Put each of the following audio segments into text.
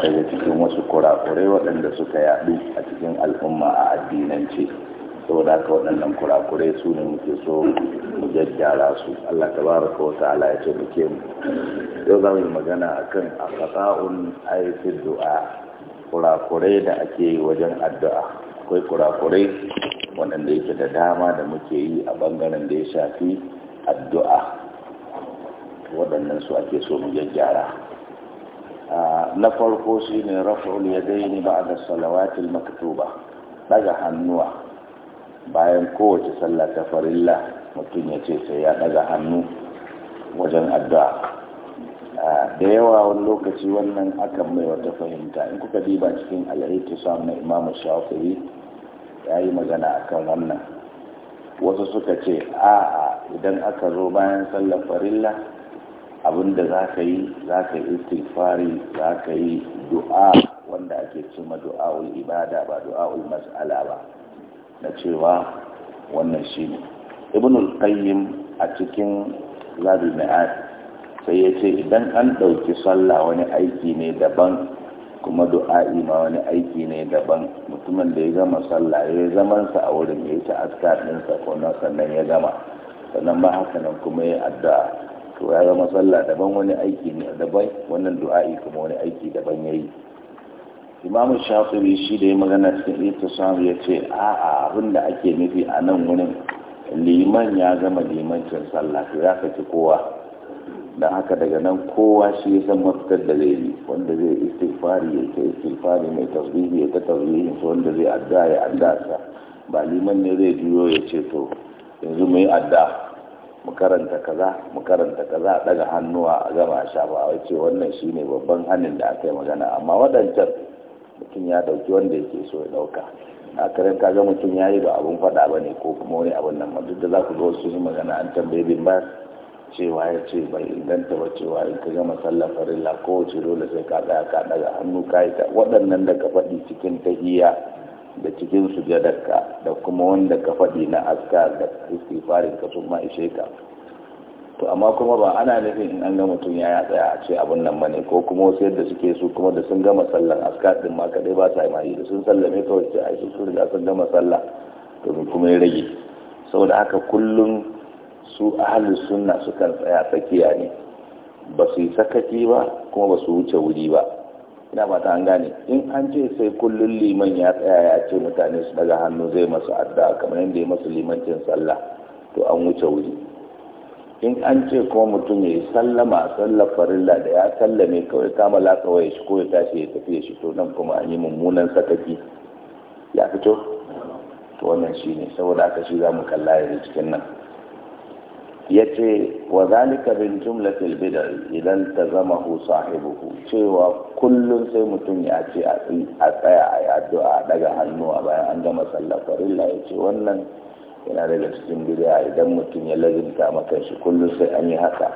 daga cikin wasu kurakurai waɗanda suka yaɗu a cikin al'umma a addinance saboda haka waɗannan kurakurai su ne muke so mu jajjara su Allah ta wata ala ya ce muke mu yau za mu yi magana akan a fasa'un fi du'a kurakurai da ake yi wajen addu'a akwai kurakurai waɗanda yake da dama da muke yi a ɓangaren da ya shafi addu'a waɗannan su ake so mu jajjara na farko shi ne rafa'ul a ba'da salawatil maktuba daga hannuwa bayan kowace sallah ta farilla mutum ya ce sai ya daga hannu wajen addu'a da yawa wani lokaci wannan akan mai wata fahimta in kuka diba cikin al'aitisam na imamu shafi'i ya yi magana akan wannan wasu suka ce a'a idan aka zo bayan sallar farilla abinda za ka yi za ka yi istighfari za ka yi du'a wanda ake cima du'a'ul ibada ba du'a'ul mas'ala ba na cewa wannan shi ne ibnul qayyim a cikin zabi ma'ad sai ya ce idan an ɗauki sallah wani aiki ne daban kuma du'a'i ma wani aiki ne daban mutumin da ya gama sallah ya zamansa a wurin ya yi ta askar ɗinsa ko sannan ya gama sannan ba haka nan kuma ya addu'a to ya zama sallah daban wani aiki ne daban wannan du'a'i kuma wani aiki daban ya yi. imamu shafiri shi da ya magana cikin samu ya ce a'a abin da ake nufi a nan wani liman ya zama limancin sallah to ya kaci kowa da haka daga nan kowa shi ya san mafitar da zai yi wanda zai istighfari ya ta istighfari mai tasbihi ya ta tasbihi su wanda zai adda ya adda ba liman ne zai juyo ya ce to yanzu mai adda mu karanta kaza mu karanta kaza daga hannuwa a gama a shafa a ce wannan shine babban hannun da aka yi magana amma waɗancan mutum ya dauki wanda yake so ya ɗauka a karen kaga mutum ya yi ba abun faɗa ba ne ko kuma wani abun nan duk da za ku zo su yi magana an tambaye bin ba cewa ya ce bai inganta ba cewa in ka gama sallah farilla kowace dole sai ka tsaya ka ɗaga hannu ka yi ta waɗannan da faɗi cikin tahiya da cikin sujadarka da kuma wanda ka faɗi na askar da istighfarin ka sun ma ka to amma kuma ba ana nufin in an ga mutum ya ya tsaya a ce abun nan bane ko kuma wasu yadda suke su kuma da sun gama sallar askar din ma kadai ba sa mai da sun sallame kawai ce ai sun riga sun gama sallah to kuma ya rage saboda haka kullum su ahlus sunna sukan tsaya tsakiya ne ba su yi sakaki ba kuma ba su wuce wuri ba ina fata an gane in an ce sai kullum liman ya tsaya ya ce mutane su daga hannu zai masu adda kamar yadda ya masu limancin sallah to an wuce wuri in an ce kuma mutum ya yi sallama sallar farilla da ya sallame kawai kama lakawai shi ko ya tashi ya tafi shi to nan kuma an yi mummunan sakaki ya fito to wannan shi ne saboda haka shi za mu kalla yanzu cikin nan yace wa zalika bin jumlatil bid'ah idan ta zama hu sahibuhu cewa kullum sai mutum ya ce a tsaya a addu'a daga a bayan an gama sallah farilla yace wannan yana daga cikin bid'a idan mutum ya lazimta maka shi kullun sai an yi haka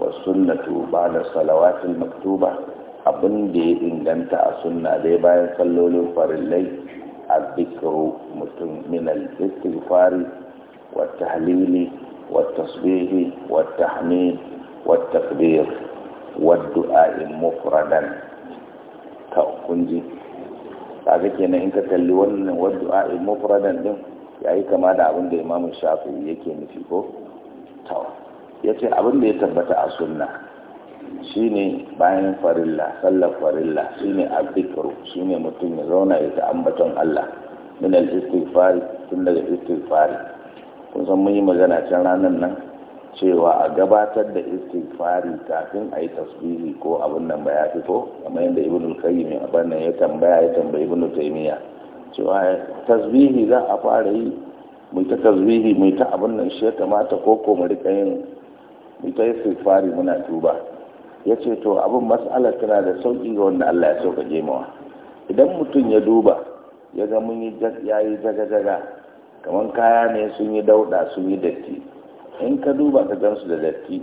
wa sunnatu ba'da salawatil maktuba abin da ya inganta a sunna dai bayan sallolin farillai a zikru mutum min al-istighfari wa tahlili والتسبيح والتحميد والتكبير والدعاء مفردا كنجي kaga kenan in ka kalli wannan waddu'a mufradan din yayi kama da abin da Imam Shafi'i yake nufi ko to yace abin da ya tabbata a sunna shine bayan farilla sallar farilla shine azzikru shine mutum ya zauna ya ta ambaton Allah min al-istighfar tun daga istighfar kun san mun yi magana can ranar nan cewa a gabatar da istighfari kafin a yi tasbihi ko abin nan ba ya fito kamar yadda ibn al-qayyim abin nan ya tambaya ya tambayi ibn taymiya cewa tasbihi za a fara yi mu ta tasbihi mu ta abin nan shi ya kamata ko ko mu rika yin mu ta istighfari muna tuba yace to abin mas'ala tana da sauki ga wanda Allah ya sauka mawa idan mutum ya duba ya ga mun yi yayi jaga-jaga kamar kaya ne sun yi dauda sun yi datti in ka duba ka gansu da datti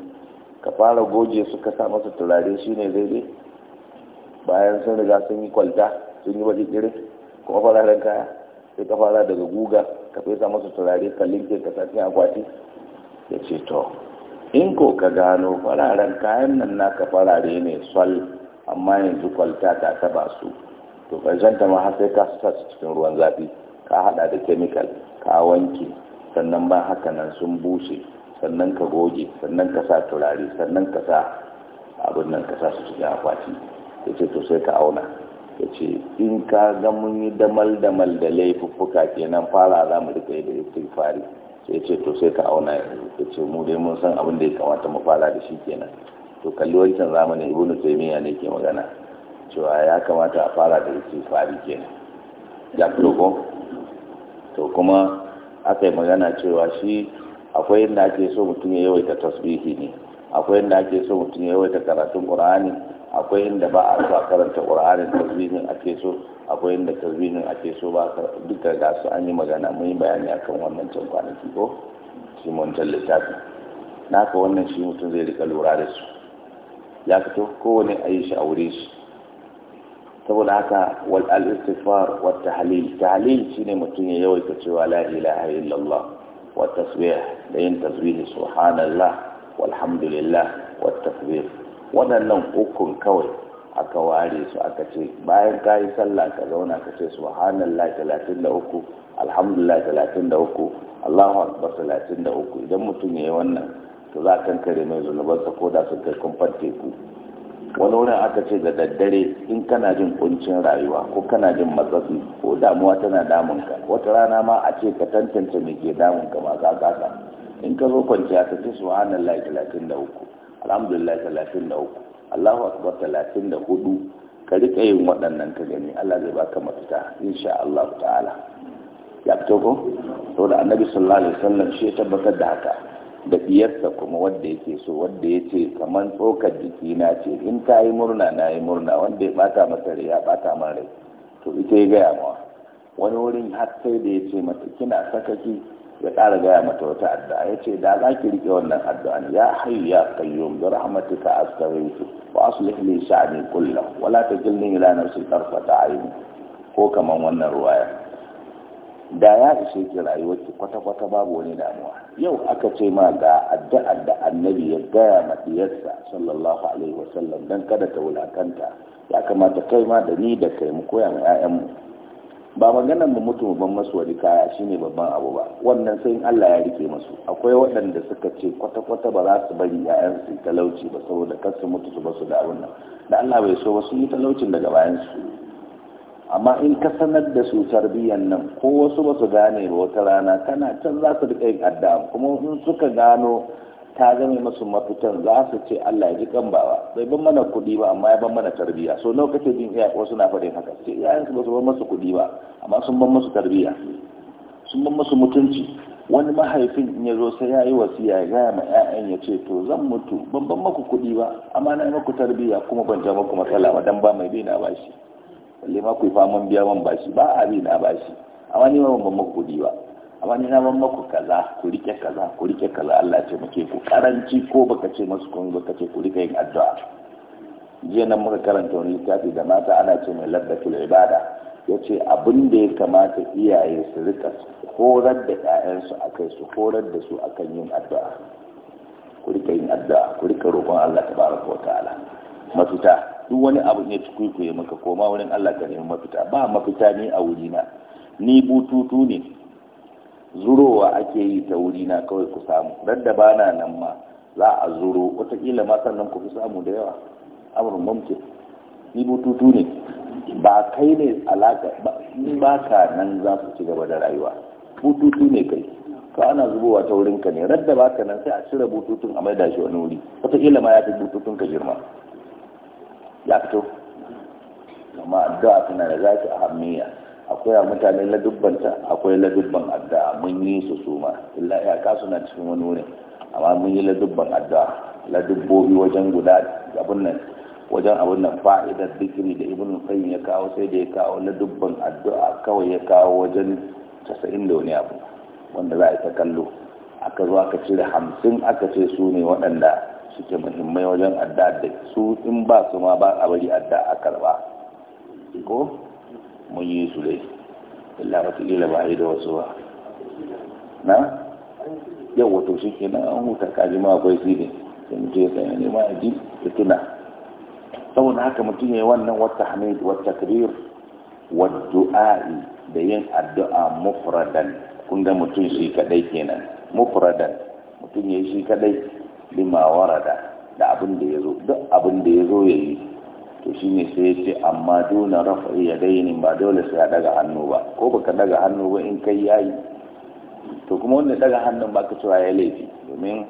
ka fara goje su ka sa masa turare shi ne zai bayan sun riga sun yi kwalta sun yi baki kire kuma fararen kaya sai ka fara daga guga ka fesa masa turare ka linke ka sa cikin akwati ya ce to in ko ka gano fararen kayan nan naka farare ne sol amma yanzu kwalta ta taba su to ƙarshen ta ma har sai ka sa cikin ruwan zafi ka hada da chemical ka wanke sannan ba haka nan sun bushe sannan ka goge sannan ka sa turare sannan ka sa abin nan ka sa su cikin akwati ya ce to sai ka auna ya ce in ka ga mun yi damal damal da laifuffuka kenan fara za mu rika yi da fari. sai ce to sai ka auna ya ce mu dai mun san abin da ya kamata mu fara da shi kenan to kalli wancan zamanin ibnu taymiya ne ke magana cewa ya kamata a fara da fari kenan ya ko to kuma aka yi magana cewa shi akwai yadda ake so mutum ya yawaita tasbihi ne akwai yadda ake so mutum ya yawaita karatun qur'ani akwai inda ba a so karanta qur'anin tasbihin ake so akwai inda tasbihin ake so ba duka ga su an yi magana mun yi bayani akan wannan can kwanaki ko shi wancan littafi naka wannan shi mutum zai rika lura da su ya fito kowane ayi shi a wuri shi saboda haka wal al-istighfar wa tahlil tahlil shine mutum ya yawaita cewa la ilaha illallah wa tasbih da yin tasbih subhanallah walhamdulillah wa tasbih wadannan ukun kawai aka ware su aka ce bayan kayi sallah ka zauna ka ce subhanallah 33 alhamdulillah 33 Allahu akbar 33 idan mutum yayi wannan to za kan kankare mai zulubarsa ko da sun kai kumfan teku wani wurin aka ce da daddare in kana jin kuncin rayuwa ko kana jin matsatsi ko damuwa tana damunka wata rana ma a ce ka tantance me ke damunka ma ka kasa in ka zo kwanciya ka ce subhanallah 33 alhamdulillah 33 Allahu akbar 34 ka rika yin waɗannan ka gani Allah zai baka mafita insha Allah ta'ala ya fito ko to da annabi sallallahu alaihi wasallam shi ya tabbatar da haka da biyarsa kuma wanda yake so wanda ya ce kamar tsokar jiki na ce in ka yi murna na yi murna wanda ya bata masa rai ya bata man rai to ita ya gaya mawa wani wurin har sai da ya ce mata kina sakaki ya ƙara gaya mata wata addu'a ya ce da za ki riƙe wannan addu'a ya hayyu ya qayyum bi rahmatika astaghfiru wa aslih li sha'ni kullahu wala ta tajilni ila nafsi tarfata ayni ko kaman wannan ruwaya da ya ishe ki rayuwarki kwata-kwata babu wani damuwa yau aka ce ma ga addu'ar da annabi ya gaya madiyarsa sallallahu alaihi wasallam dan kada ta wulakanta ya kamata kai ma da ni da kai mu koya ma 'ya'yanmu ba maganar mu mutu ban masu wani kaya shine babban abu ba wannan sai Allah ya rike masu akwai waɗanda suka ce kwata-kwata ba za su bari 'ya'yan su talauci ba saboda kar su mutu su basu da abun nan da Allah bai so ba su yi talaucin daga bayan su amma in ka sanar da su tarbiyyar nan ko wasu ba su gane ba wata rana kana can za su riƙa yin kuma in suka gano ta zame masu mafitan za su ce Allah ya ji kan bawa bai ban mana kuɗi ba amma ya ban mana tarbiyya so nawa kake jin iya wasu na faɗin haka sai iyayen su ba su ban masu kuɗi ba amma sun ban masu tarbiyya sun ban masu mutunci wani mahaifin in ya zo sai ya yi wasiya ya gaya ma 'ya'yan ya ce to zan mutu ban ban maku kuɗi ba amma na yi maku tarbiyya kuma ban ja maku matsala ba dan ba mai bi na bashi balle ma ku fa mun biya mun bashi ba a bi na bashi amma ni mun ban maku diwa amma ni na ban maku kaza ku rike kaza ku rike kaza Allah ce muke ku karanci ko baka ce masu kun baka ce ku rike yin addu'a jiya nan muka karanta wani littafi da mata ana ce mai laddatul ibada yace ce abin da ya kamata iyaye su rika horar da 'ya'yansu a kai su horar da su akan yin addu'a ku rika yin addu'a ku rika roƙon Allah tabaraka wa ta'ala mafita duk wani abu ne tukuikuye maka koma wurin Allah ka nemi mafita ba mafita ne a wurina ni bututu ne zurowa ake yi ta wurina kawai ku samu radda ba na nan ma za a zuro wataƙila ma sannan ku fi samu da yawa amurin mamke ni bututu ne ba kai ne alaka ba ka nan za su ci gaba da rayuwa bututu ne kai ka ana zubowa ta wurinka ne radda ba ka nan sai a cire bututun a da shi wani wuri wataƙila ma ya fi bututun ka girma ya fito amma addu'a tana da zaki a hamiya akwai a mutane ladubbanta akwai ladubban addu'a mun yi su suma illa ya kasu na cikin wani wurin amma mun yi ladubban addu'a ladubbobi wajen guda abin nan wajen abin nan fa'idar dikiri da ibn qayyim ya kawo sai da ya kawo ladubban addu'a kawai ya kawo wajen casa'in da wani abu wanda za a yi ta kallo aka zo aka cire hamsin aka ce su ne waɗanda suke muhimmai wajen adda da su in ba su ma ba a bari adda a karba ko mun yi su dai illa watakila ba a da wasu ba na yau wato shi ke nan an huta kaji ma akwai su ne sai mutum ya sanya ne ma a ji ya tuna saboda haka mutum ya yi wannan wata hamid wata kabir wadda'a'i da yin addu'a mufradan kun ga mutum shi kadai kenan mufradan mutum ya yi shi kadai lima warada da abin da ya zo duk abin da ya zo ya yi to shi sai ya ce amma duna rafa iya dainin ba dole sai ya daga hannu ba ko baka daga hannu ba in kai yayi to kuma wanda daga hannun baka cewa ya laifi domin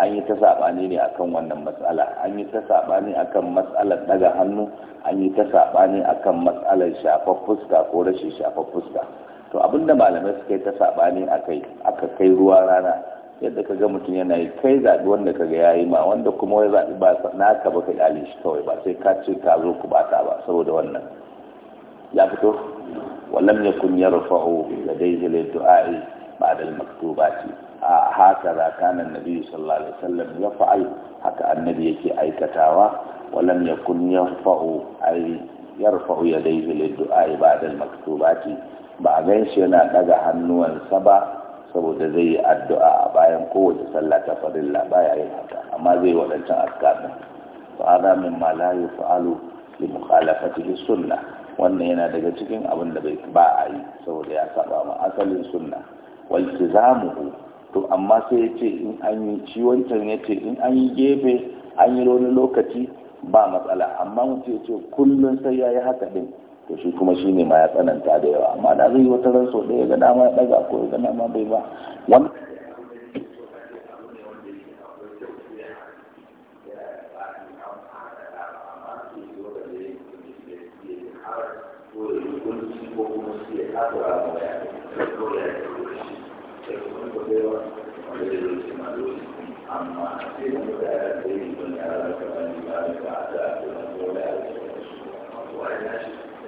an yi ta saɓani ne akan wannan matsala an yi ta saɓani akan matsalar daga hannu an yi ta saɓani akan matsalar shafa fuska ko rashin shafar fuska to abinda malamai suka yi ta saɓani akai aka kai ruwa rana yadda ka ga mutum yana yi kai zaɓi wanda ka ga ya yi ma wanda kuma wai zaɓi ba naka ba ka ɗali shi kawai ba sai ka ce ka zo ku bata ba saboda wannan ya fito wallam ya kun ya rufa'u da dai zile du'a'i ba da ce a haka za ka nan na biyu sallallahu alaihi wasallam ya fa'al haka annabi yake aikatawa wallam ya kun ya rufa'u ai ya rufa'u ya dai zile du'a'i ba da ce ba a gan shi yana ɗaga hannuwansa ba saboda zai yi addu'a a bayan kowace sallah ta farilla baya yin haka amma zai waɗancan askarna to hada min ma alu yaf'alu li bi sunna. wannan yana daga cikin abin da bai ba a yi saboda ya saba ma asalin sunna wal tizamuhu to amma sai ya ce in an yi shi wancan ya ce in an yi gefe an yi wani lokaci ba matsala amma mutum ya ce kullum sai ya yi haka din to shi kuma shi ne ma ya tsananta da yawa amma da zai wata ran sau ɗaya ga dama ya ɗaga ko ya ga dama bai ba wani Thank you.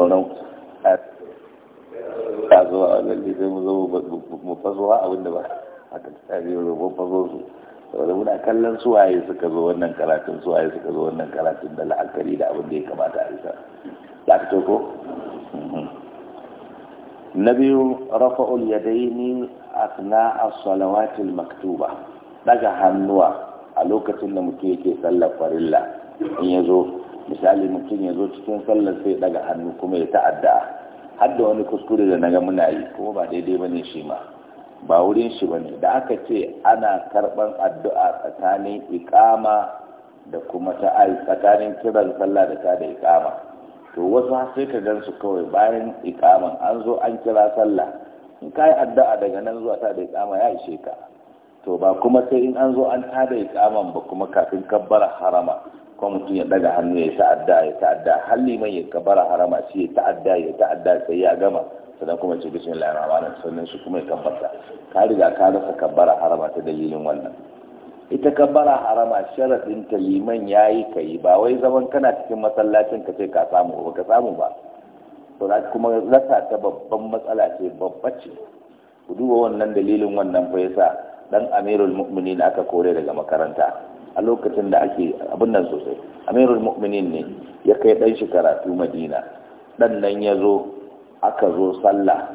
zaunan sauran kasuwa a lalle sai mu zama mu fasowa a wanda ba a tattare da roƙon fazo su saboda muna kallon suwaye suka zo wannan karatun suwaye suka zo wannan karatun da la'akari da abin da ya kamata a isa za ka ko mhm. na biyu rafa'ul yadaini asna as-salawatil maktuba daga hannuwa a lokacin da mutum yake sallar farilla in ya zo misali mutum ya zo cikin sallar sai daga hannu kuma ya ta'adda har wani kuskure da naga muna yi kuma ba daidai bane shi ma ba wurin shi bane da aka ce ana karban addu'a tsakanin iqama da kuma ta'ai tsakanin kiran sallah da ta da iqama to wasu sai ka gansu kawai bayan iqaman an zo an kira sallah in kai addu'a daga nan zuwa ta da iqama ya ishe ka to ba kuma sai in an zo an da ikaman ba kuma kafin kabbara harama ko mutum ya daga hannu ya ta'adda ya ta'adda har liman ya kabara harama shi ya ta'adda ya ta'adda sai ya gama sannan kuma ce bismillahir na sannan shi kuma ya kabbata ka riga ka rasa kabara harama ta dalilin wannan ita kabara harama sharadin ta liman yayi kai ba wai zaman kana cikin masallacin ka sai ka samu ba ka samu ba to kuma rasa ta babban matsala ce babba ce ku duba wannan dalilin wannan fa yasa dan amirul mu'minin aka kore daga makaranta a lokacin da ake abin nan sosai amirul mu'minin ne ya kai dan shi karatu madina dan nan ya zo aka zo sallah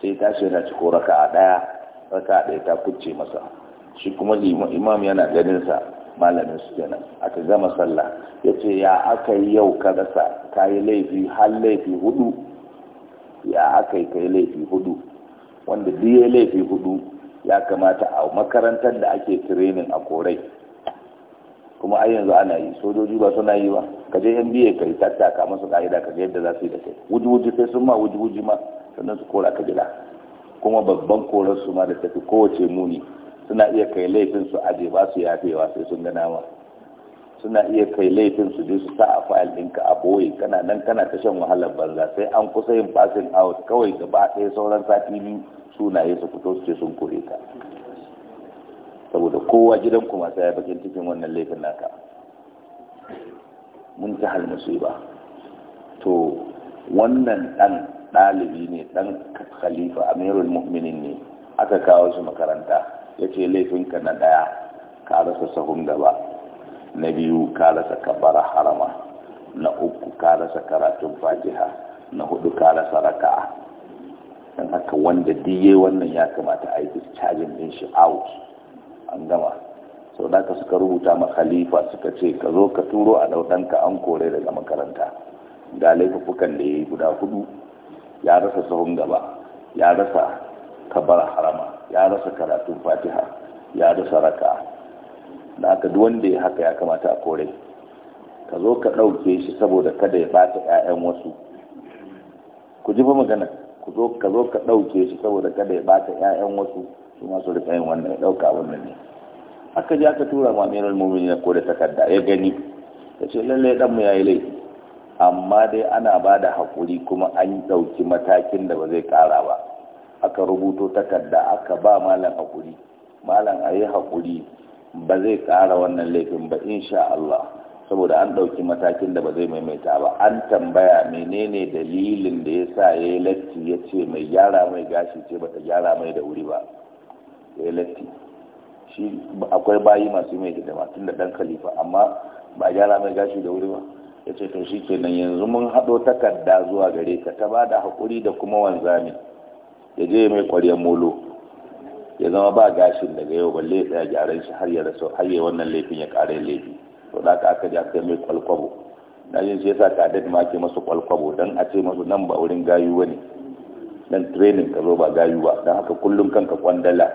sai tashi yana ciko raka a ɗaya raka a ɗaya ta kucce masa shi kuma imam yana sa malamin su kenan aka gama sallah ya ce ya aka yi yau ka rasa ka yi laifi har laifi hudu ya aka yi ka yi laifi hudu wanda duk ya laifi hudu ya kamata a makarantar da ake tirenin a korai kuma a yanzu ana yi sojoji ba suna yi ba ka je nba ka yi tattaka masu ka'ida ka ga yadda za su yi da kai wuji-wuji sai sun ma wuji-wuji ma sannan su kora ka gida kuma babban korar su ma da tafi kowace muni suna iya kai laifin su aje ba su yafewa sai sun gana nama suna iya kai laifin su je su sa a fayil ɗinka a boye kana nan kana ta shan wahalar banza sai an kusa yin fasin out kawai da ba ɗaya sauran sati biyu sunaye su fito su ce sun kore ka saboda kowa gidan kuma sai ya bakin cikin wannan laifin naka mun ji hal musiba to wannan ɗan ɗalibi ne ɗan khalifa amirul mu'minin ne aka kawo shi makaranta ya ce laifinka na ɗaya ka rasa sahun gaba na biyu ka rasa kabbara harama na uku ka rasa karatun fatiha na hudu ka rasa raka'a In haka wanda diye wannan ya kamata a yi discharging din shi out an gama sau da ka suka rubuta ma khalifa suka ce ka zo ka turo a ka an kore daga makaranta ga laifukan da yayi guda hudu ya rasa sahun gaba ya rasa kabara harama ya rasa karatun fatiha ya rasa raka da aka duk wanda ya haka ya kamata a kore ka zo ka ɗauke shi saboda kada ya bata 'ya'yan wasu ku ji fa magana ku zo ka zo ka ɗauke shi saboda kada ya bata 'ya'yan wasu su masu su yin wannan ya ɗauka wannan ne aka ji aka tura ma amiral mu'minin na kore takarda ya gani ta ce lallai ɗan mu yayi laifi amma dai ana ba da haƙuri kuma an ɗauki matakin da ba zai ƙara ba aka rubuto takarda aka ba malam haƙuri malam a yi haƙuri ba zai ƙara wannan laifin ba insha Allah saboda an ɗauki matakin da ba zai maimaita ba an tambaya menene dalilin da ya sa ya yi latti ya ce mai gyara mai gashi ce bata gyara mai da wuri ba ya yi latti shi akwai bayi masu mai hidima tun da ɗan khalifa amma ba gyara mai gashi da wuri ba ya ce to shi kenan yanzu mun haɗo takarda zuwa gare ka ta ba da haƙuri da kuma wanzami ya je mai ƙwaryen molo ya zama ba gashin daga yau balle ya tsaya gyaran shi har ya rasu har ya wannan laifin ya ƙara laifi to da aka ji aka mai kwalkwabo na yin shi yasa kadad ma ke masu kwalkwabo dan a ce masu nan ba wurin gayu bane dan training ka zo ba gayu ba dan haka kullum kanka kwandala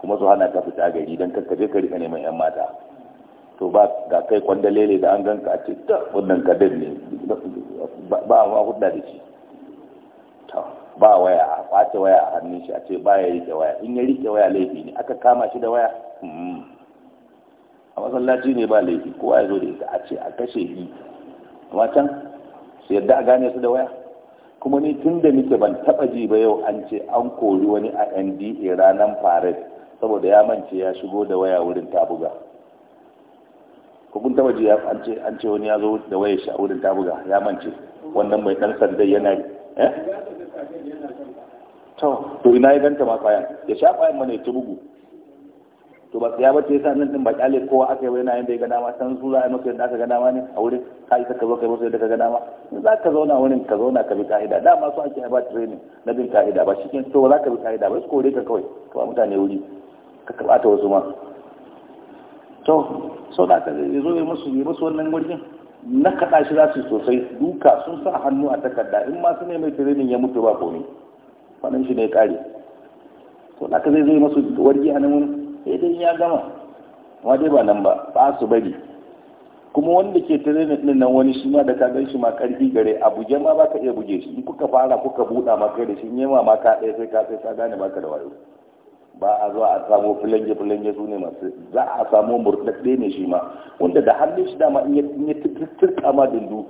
kuma su hana ka fita gari dan kanka je ka rika neman yan mata to ba ga kai kwandalele da an ganka a ce ta wannan kadad ne ba ba hudda da shi ta. ba waya a kwace waya a hannun shi a ce ba ya rike waya in ya rike waya laifi ne aka kama shi da waya hmm. a masallaci ne ba laifi kowa ya zo da ita a ce a kashe bi amma can su yadda a gane su da waya kuma ni tun da nike ban taba ji ba yau an ce an kori wani a nda ranar paris saboda ya mance ya shigo da waya wurin tabuga ko kun taba ji an ce an ce wani ya zo da waya shi a wurin tabuga ya mance wannan mai dan sanda yana eh to ina ya ganta ma kwayan ya sha kwayan mana ya ci bugu to ba ya bace yasa nan din ba kyale kowa aka yi wani yayin da ya ga ma san su za a maka yadda aka ga ma ne a wurin ka yi ka zo yi musu yadda ka ga ma in za ka zauna wurin ka zauna ka bi ka'ida dama su ake ba training na bin ka'ida ba shi kin to ba za ka bi ka'ida ba su kore ka kawai ka ba mutane wuri ka karɓa ta wasu ma to sau da zai zo mai musu yi musu wannan gurgin na kaɗa shi za su sosai duka sun sa hannu a takarda in ma su ne mai training ya mutu ba komai wannan shi ne kare to naka zai zai masu wargi a nan wurin eh, dai ya gama amma dai ba nan ba ba su bari kuma wanda ke tare da nan wani shi ma da ka gan shi ma karfi gare buge ma ba ka iya buge shi in kuka fara kuka buɗa ma kai da shi ne ma ka ɗaya sai ka sai ka gane ba ka da wayo ba a zuwa a samo filange filange su ne masu za a samo murɗaɗɗe ne shi ma wanda da hannun shi dama in ya turka ma dundu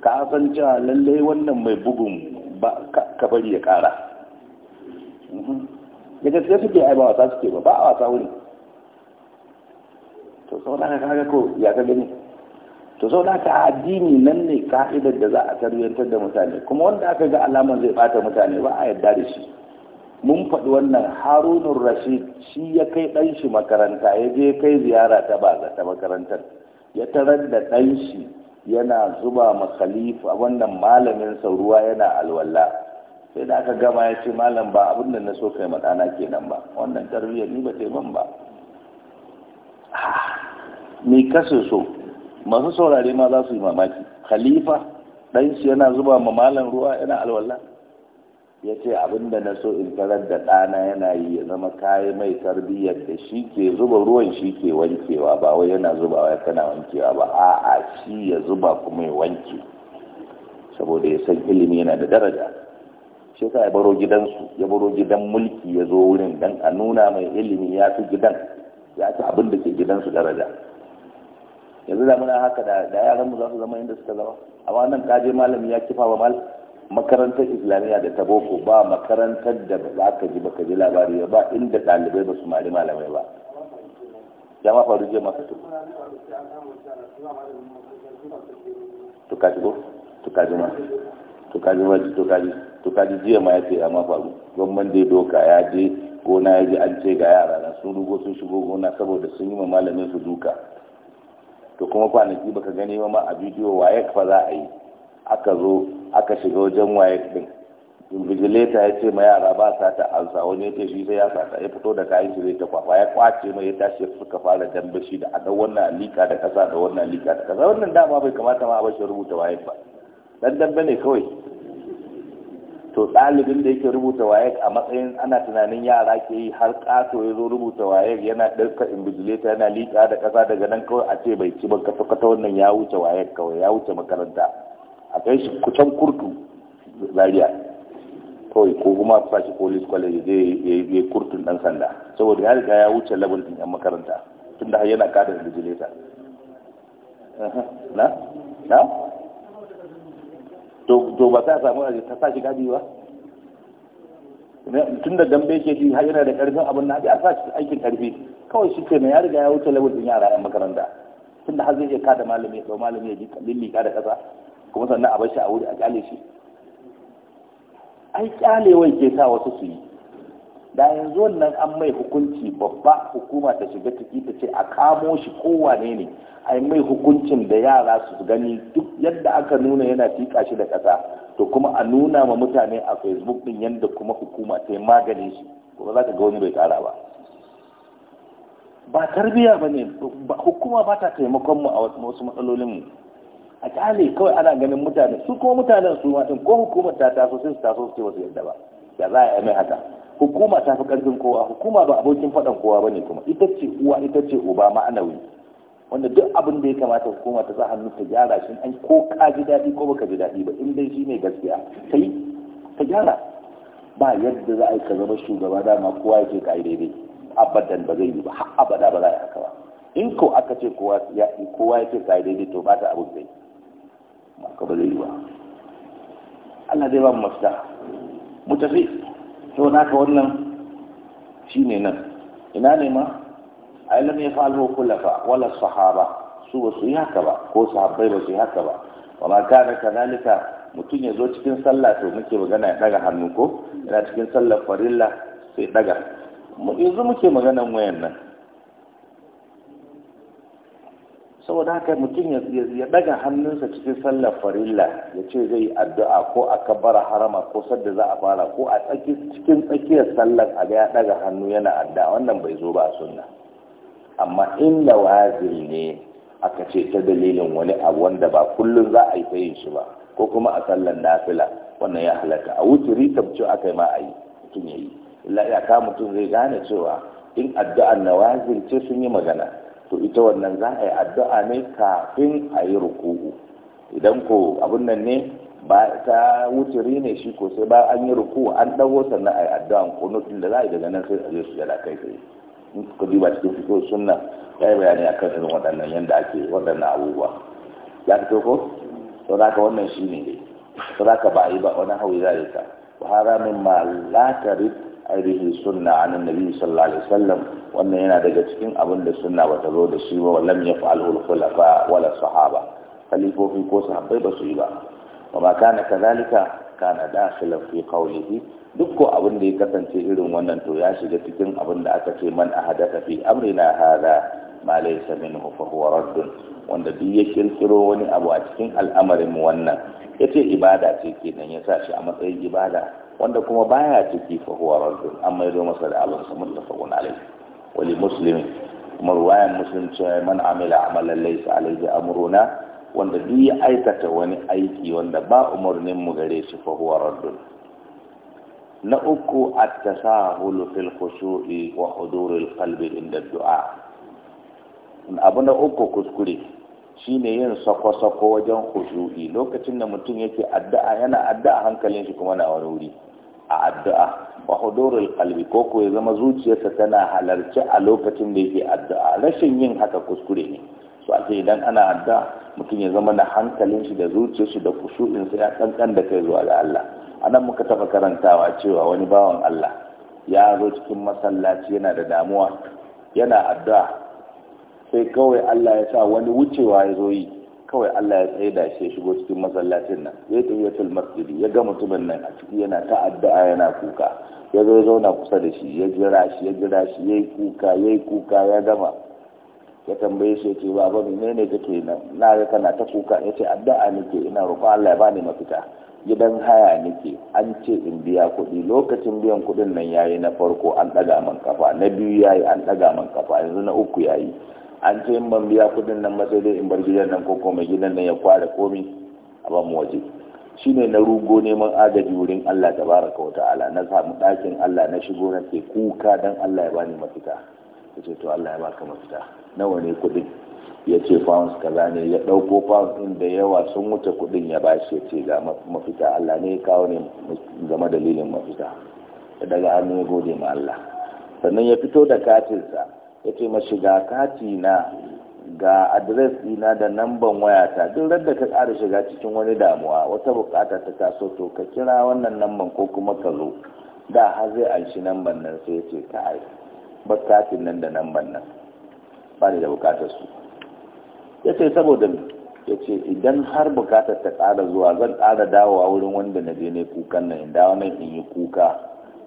ka san cewa lallai wannan mai bugun ba ka bari ya ƙara da uhm. suke ai wasa suke ba ba a wasa wuri to sau da kaga ko ya ka gani to sau da addini nan ne ka'idar da za a tarbiyyantar da mutane kuma wanda aka ga alaman zai bata mutane ba a yarda da shi mun faɗi wannan harunun rashid shi ya kai ɗan shi makaranta ya je kai ziyara ta baza ta makarantar ya tarar da ɗan shi yana zuba ma khalifa wannan malamin sa ruwa yana alwala sai da aka gama ya ce malam ba abin da na so kai maɗana kenan ba wannan tarbiyyar ni ba taiman ba me kasu so masu saurare ma za su yi mamaki khalifa ɗansu yana zuba ma malam ruwa yana alwala ya ce abin da na so in karar da ɗana yana yi ya zama kayi mai tarbiyyar da shi ke zuba ruwan shi ke wankewa ba wai yana zuba ya kana wankewa ba a'a shi ya zuba kuma ya wanke saboda ya san ilimi yana da daraja shi yasa ya baro gidansu ya baro gidan mulki ya zo wurin dan a nuna mai ilimi ya fi gidan ya ci abin da ke gidansu daraja yanzu da muna haka da yaran mu za su zama inda suka zama amma nan kaje je malami ya kifa wa mal makarantar islamiyya da ta boko ba makarantar da za ka ji baka ji labari ba inda ɗalibai ba su mali malamai ba ya ma faru je masa to to ka shigo to ka ji ma to ma to to kaji jiya ma ya ce ya ma faru gwamnan dai doka ya je gona ya ji an ce ga yara na sun rugo sun shigo gona saboda sun yi ma malamin su duka to kuma kwanaki baka gani ma a bidiyo waye fa za a yi aka zo aka shiga wajen waye din vigilator ya ce ma yara ba sa ta alsa wani ya ce shi sai ya sata ya fito da kayan shi zai ta kwafa ya kwace mai ya tashi suka fara dambe shi da adan wannan alika da kasa da wannan alika da kasa wannan dama bai kamata ma a bashi rubuta waye ba dan dambe ne kawai to ɗalibin da yake rubuta waye a matsayin ana tunanin yara ke yi har ƙato ya zo rubuta waye yana ɗauka invigilator yana liƙa da ƙasa daga nan kawai a ce bai ci ba kasa kata wannan ya wuce waye kawai ya wuce makaranta a kai shi kucan kurtu zaria kawai ko kuma a fashi police college zai yi kurtun ɗan sanda saboda ya riga ya wuce level ɗin yan makaranta tunda har yana kada invigilator na na to ba sa samu a ta sashi gadi ba tun da dambe yake ji har yana da karfin abin na biya sashi aikin karfi kawai shi ke ya riga ya wuce level din yara yan makaranta tun da har zai iya kada malami ya malami ya ji lillika da kasa kuma sannan a bar shi a wuri a kyale shi ai wai ke sa wasu su yi da yanzu wannan an mai hukunci babba hukuma ta shiga ciki ta ce a kamo shi kowane ne a yi mai hukuncin da yara su gani duk yadda aka nuna yana tika shi da ƙasa to kuma a nuna ma mutane a facebook din yadda kuma hukuma ta yi magani shi kuma za ka ga wani bai kara ba ba tarbiyya ba ne hukuma ba ta taimakon mu a wasu matsalolinmu a kyale kawai ana ganin mutane su kuma mutanen su matan ko hukumar ta taso sai su taso su ce wasu yadda ba ya za a yi mai haka hukuma ta fi ƙarfin kowa hukuma ba abokin faɗan kowa ba ne kuma ita ce uwa ita ce uba ma'anawi wanda duk abin da ya kamata hukuma ta sa hannu ta gyara shi an ko ka ji daɗi ko baka ji daɗi ba in dai shi ne gaskiya ta yi ta gyara ba yadda za a yi ka zama shugaba dama kowa ya ce ka yi daidai abadan ba zai yi ba har abada ba za a yi haka ba in ko aka ce kowa ya ce ka yi daidai to ba ta abin zai ba ka ba zai yi ba Allah zai ba mu mafita mu tafi to ka wannan shine nan ina ne ma a lamai lam yafalhu fa wala sahaba su ba su yi haka ba ko sahabbai ba su yi haka ba ma ka na kadalika mutum ya zo cikin sallah to muke magana ya daga hannu ko yana cikin sallah farilla sai daga mu yanzu muke maganan wayan nan saboda haka mutum ya daga hannunsa cikin sallar farilla ya ce zai addu'a ko a kabbara harama ko sadda za a fara ko a cikin tsakiyar sallar a ya daga hannu yana addu'a wannan bai zo ba sunna amma in lawazil ne aka ce ta dalilin wani abu wanda ba kullum za a yi ta yin shi ba ko kuma a sallar nafila wannan ya halaka a wuturi tabbaci aka yi ma a yi mutum ya yi illa mutum zai gane cewa in addu'ar nawazil ce sun yi magana to ita wannan za a yi addu'a ne kafin a yi ruku'u idan ko abin nan ne ba ta wuturi ne shi ko sai ba an yi ruku'u an dago sannan a yi addu'an kunutun da za a yi daga nan sai a je su jada kai sai in ku duba cikin fito sunna ya yi bayani a kan irin waɗannan yadda ake waɗannan abubuwa ya fito ko to za ka wannan shi ne to za ka ba yi ba wani hauyi za a yi ta wa haramin ma la ta ainihin sunna an annabi sallallahu alaihi wasallam wannan yana daga cikin abin da sunna bata zo da shi ba wallam yaf'alul khulafa wala sahaba khalifofi ko sahabbai ba su yi ba wa kana kadhalika kana dakhilan fi qawlihi duk ko abin da ya kasance irin wannan to ya shiga cikin abin da aka ce man ahadatha fi amrina hadha ma laysa minhu fa huwa radd wanda duk ya kirkiro wani abu a cikin al'amarin mu wannan yace ibada ce kenan ya sa shi a matsayin ibada wanda kuma baya ciki fa huwa an amma yazo masa da Allah sa muttafaqun alayhi wa li muslim kuma ruwayan muslim cewa man amila amalan laysa alayhi amruna wanda duk ya aikata wani aiki wanda ba umarnin mu gare shi fa huwa raddun na uku at-tasahulu fil khushu'i wa huduril qalbi inda du'a abu na uku kuskure shine yin sako-sako wajen khushu'i lokacin da mutum yake addu'a yana addu'a hankalin shi kuma na wani wuri a addu'a wa hudurul qalbi ko ko ya zama zuciyarsa tana halarci a lokacin da yake addu'a rashin yin haka kuskure ne so ake idan ana addu'a mutum ya zama da hankalin shi da zuciyarsa da kushu'in sa ya kankan da kai zuwa ga Allah anan muka taba karantawa cewa wani bawan Allah ya zo cikin masallaci yana da damuwa yana addu'a sai kawai Allah ya sa wani wucewa ya zo yi kawai Allah ya tsaye da shi ya shigo cikin masallacin nan ya tafi ya masjidi ya ga mutumin nan a ciki yana ta addu'a yana kuka ya zo ya zauna kusa da shi ya jira shi ya jira shi ya kuka ya kuka ya gama ya tambaye shi ce baba ne kake nan na ga kana ta kuka ya ce addu'a nake ina roƙo Allah ya bani mafita gidan haya nake an ce in biya kuɗi lokacin biyan kuɗin nan yayi na farko an ɗaga man kafa na biyu yayi an ɗaga man kafa yanzu na uku yayi an ce in ban biya kudin nan matsayi in bar gidan nan ko mai gidan nan ya kware komi a ban mu waje shine na rugo neman agaji wurin Allah ta baraka wa ta'ala na samu ɗakin Allah na shigo na ke kuka don Allah ya bani mafita ce to Allah ya baka mafita nawa ne kudin ya ce pounds kaza ne ya ɗauko pounds ɗin da yawa sun wuce kuɗin ya ba shi ya ce ga mafita Allah ne kawo ne zama dalilin mafita daga hannu ya gode ma Allah sannan ya fito da katinsa ya ce shiga ga kati na ga adres dina da namban wayata duk radda ka kara shiga cikin wani damuwa wata bukata ta taso to ka kira wannan namban ko kuma ka zo da har zai anshi namban nan sai ya ce ka ai nan da namban nan ba da bukatar su ya saboda ya idan har bukatar ta ƙara zuwa zan ƙara dawowa wurin wanda na je ne kukan nan in dawo nan in yi kuka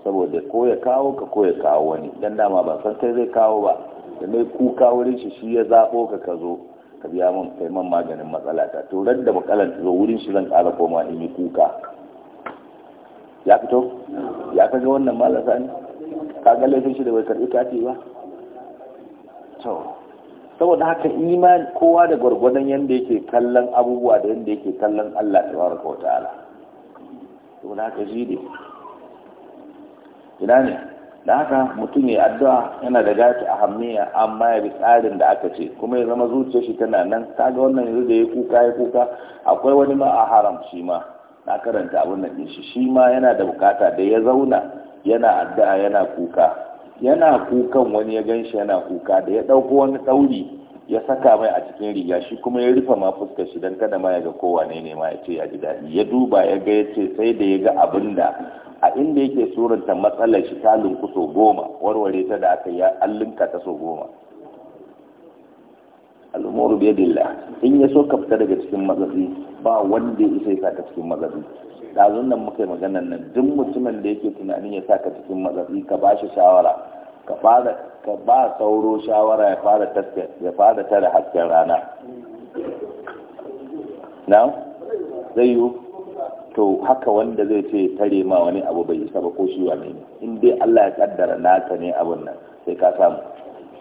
saboda ko ya kawo ka ko ya kawo wani dan dama ba san kai zai kawo ba da mai kuka wurin shi shi ya zaɓo ka ka zo ka biya man kai man maganin matsala ta to ran da matsalan ta zo wurin shi zan ƙara koma in yi kuka ya fito ya kaga wannan malam sani ka ga laifin shi da bai karɓi kati ba to saboda haka iman kowa da gwargwadon yanda yake kallon abubuwa da yanda yake kallon Allah tabaraka wa ta'ala saboda haka shi ne ina ne da haka mutum ya addu'a yana da gaci a hamniya amma ya bi tsarin da aka ce kuma ya zama zuciyar shi tana nan kaga wannan yanzu da ya kuka ya kuka akwai wani ma a haram shi ma na karanta abin nan din shi shi ma yana da bukata da ya zauna yana addu'a yana kuka yana kukan wani ya gan shi yana kuka da ya ɗauko wani ɗauri ya saka mai a cikin riga shi kuma ya rufe ma fuskar shi don kada ma ya ga kowane ne ma ya ce ya ji daɗi ya duba ya ga ya ce sai da ya ga abin da a inda yake suranta matsalar shi ta linku so goma warware ta da aka yi allinka ta so goma al'umuru bai dilla in ya so ka fita daga cikin matsatsi ba wanda ya isa ya ka cikin matsatsi zun nan muka yi maganan nan duk mutumin da yake tunanin ya sa ka cikin matsatsi ka ba shi shawara ka ba sauro shawara ya fara ya fara tare hasken rana na zai yi. to haka wanda zai ce tare ma wani abu bai isa ba ko shi wane ne in dai Allah ya kaddara naka ne abun nan sai ka samu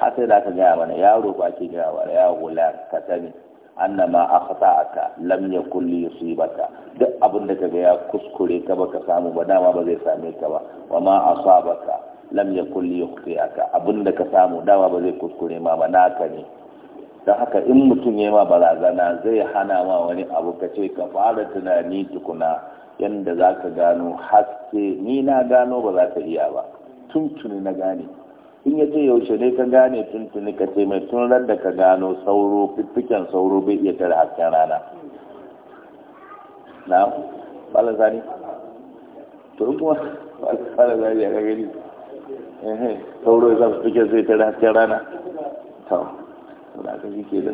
har sai da ka gaya mana yaro ba ke gaya wa ya wula ka sani annama akhta'aka lam yakul li yusibaka duk abin da ga ya kuskure ka ba ka samu ba dama ba zai same ka ba wa ma asabaka lam yakul li yukhti'aka abin da ka samu dama ba zai kuskure ma ba naka ne da haka in mutum ya ma barazana zai hana ma wani abu ka ce ka fara tunani tukuna yadda za ka gano haske ni na gano ba za ka iya ba tuntuni na gane in ya ce yaushe ne ka gane tuntuni ka ce mai tun da ka gano sauro fiffiken sauro bai iya tare hasken rana na bala zani to in kuma bala zani ya gagari sauro ya zafi fiffiken sai tare hasken rana to da aka shi da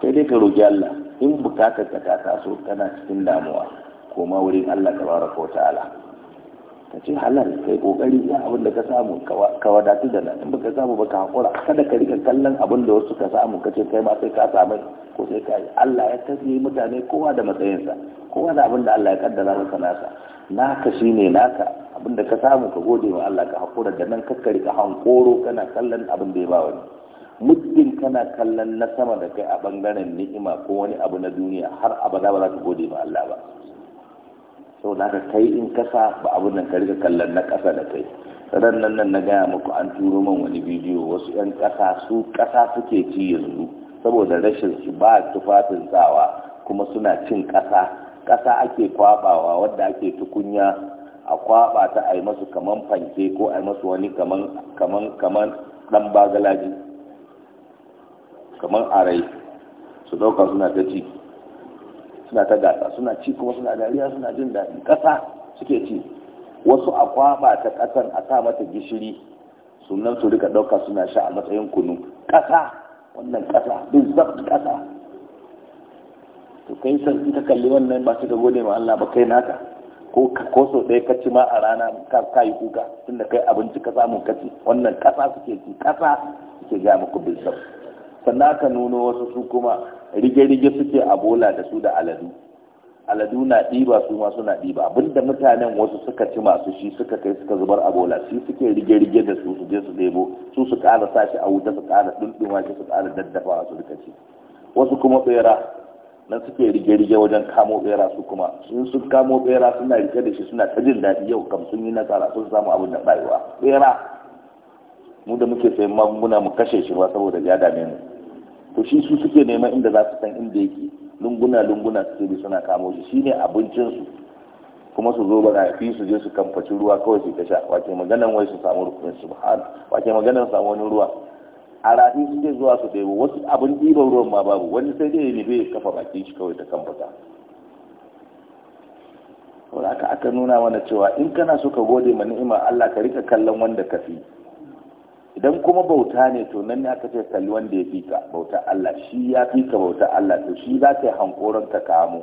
sai dai ka roƙi Allah in bukatar ka ta taso kana cikin damuwa koma wurin Allah ta baraka ta'ala ka ce halal kai kokari ya abin da ka samu ka wadatu da nan in baka samu baka hakura kada ka rika kallon abin da wasu ka samu ka ce kai ma sai ka samu ko sai ka Allah ya tafi mutane kowa da matsayinsa kowa da abin da Allah ya kaddara maka nasa naka shine naka abin da ka samu ka gode wa Allah ka hakura da nan kakkari ka hankoro kana kallon abin da ya ba wani muddin kana kallon na sama da kai a bangaren ni'ima ko wani abu na duniya har abada ba za ka gode ma Allah ba sau da haka kai in kasa ba abin nan ka rika kallon na kasa da kai ran nan na gaya muku an turo man wani bidiyo wasu yan kasa su kasa suke ci yanzu saboda rashin su ba tufafin tsawa kuma suna cin kasa kasa ake kwabawa wadda ake tukunya a kwaba ta a yi masu kaman fanke ko a yi masu wani kaman kaman kaman dan bagalaji kamar arai su ɗauka suna ta ci suna ta gasa suna ci kuma suna dariya suna jin daɗi ƙasa suke ci wasu a kwaba ta ƙasan a sa mata gishiri sunan su rika ɗauka suna sha a matsayin kunu ƙasa wannan ƙasa bin zafi ƙasa to kai sarki ka kalli wannan ba su ka gode ma Allah ba kai naka ko ko so ɗaya ka ci ma a rana ka yi kuka tunda kai abinci ka samu ka ci wannan ƙasa suke ci ƙasa suke gaya muku bin zafi sannan aka nuno wasu su kuma rige-rige suke a bola da su da aladu aladu na ɗiba su ma suna ɗiba abinda mutanen wasu suka ci masu shi suka kai suka zubar a bola shi suke rige-rige da su su je su ɗebo su su ƙara sa shi a wuta su ƙara ɗunɗuma shi su ƙara daddafa su duka ci wasu kuma ɓera nan suke rige-rige wajen kamo ɓera su kuma sun sun kamo ɓera suna rike da shi suna ta jin daɗi yau kam sun yi nasara sun samu abin da ɓarewa ɓera mu da muke sayan magunguna mu kashe shi ba saboda ya dame mu to shi su suke neman inda za su san inda yake lunguna lunguna suke bi suna kamo shi shine abincin su kuma su zo ba na fi su je su kamfaci ruwa kawai su kasha wace maganan wai su samu rukunin subhan wace maganan samu wani ruwa a rafi suke zuwa su ɗebo wasu abin ɗiban ruwan ma babu wani sai dai ne bai kafa baki shi kawai ta kamfata saboda aka nuna mana cewa in kana so ka gode ma ni'ima Allah ka rika kallon wanda ka fi idan kuma bauta ne to nan ne aka ce salli wanda ya fika bauta Allah shi ya fika bauta Allah to shi za ka yi hankoron ka kamo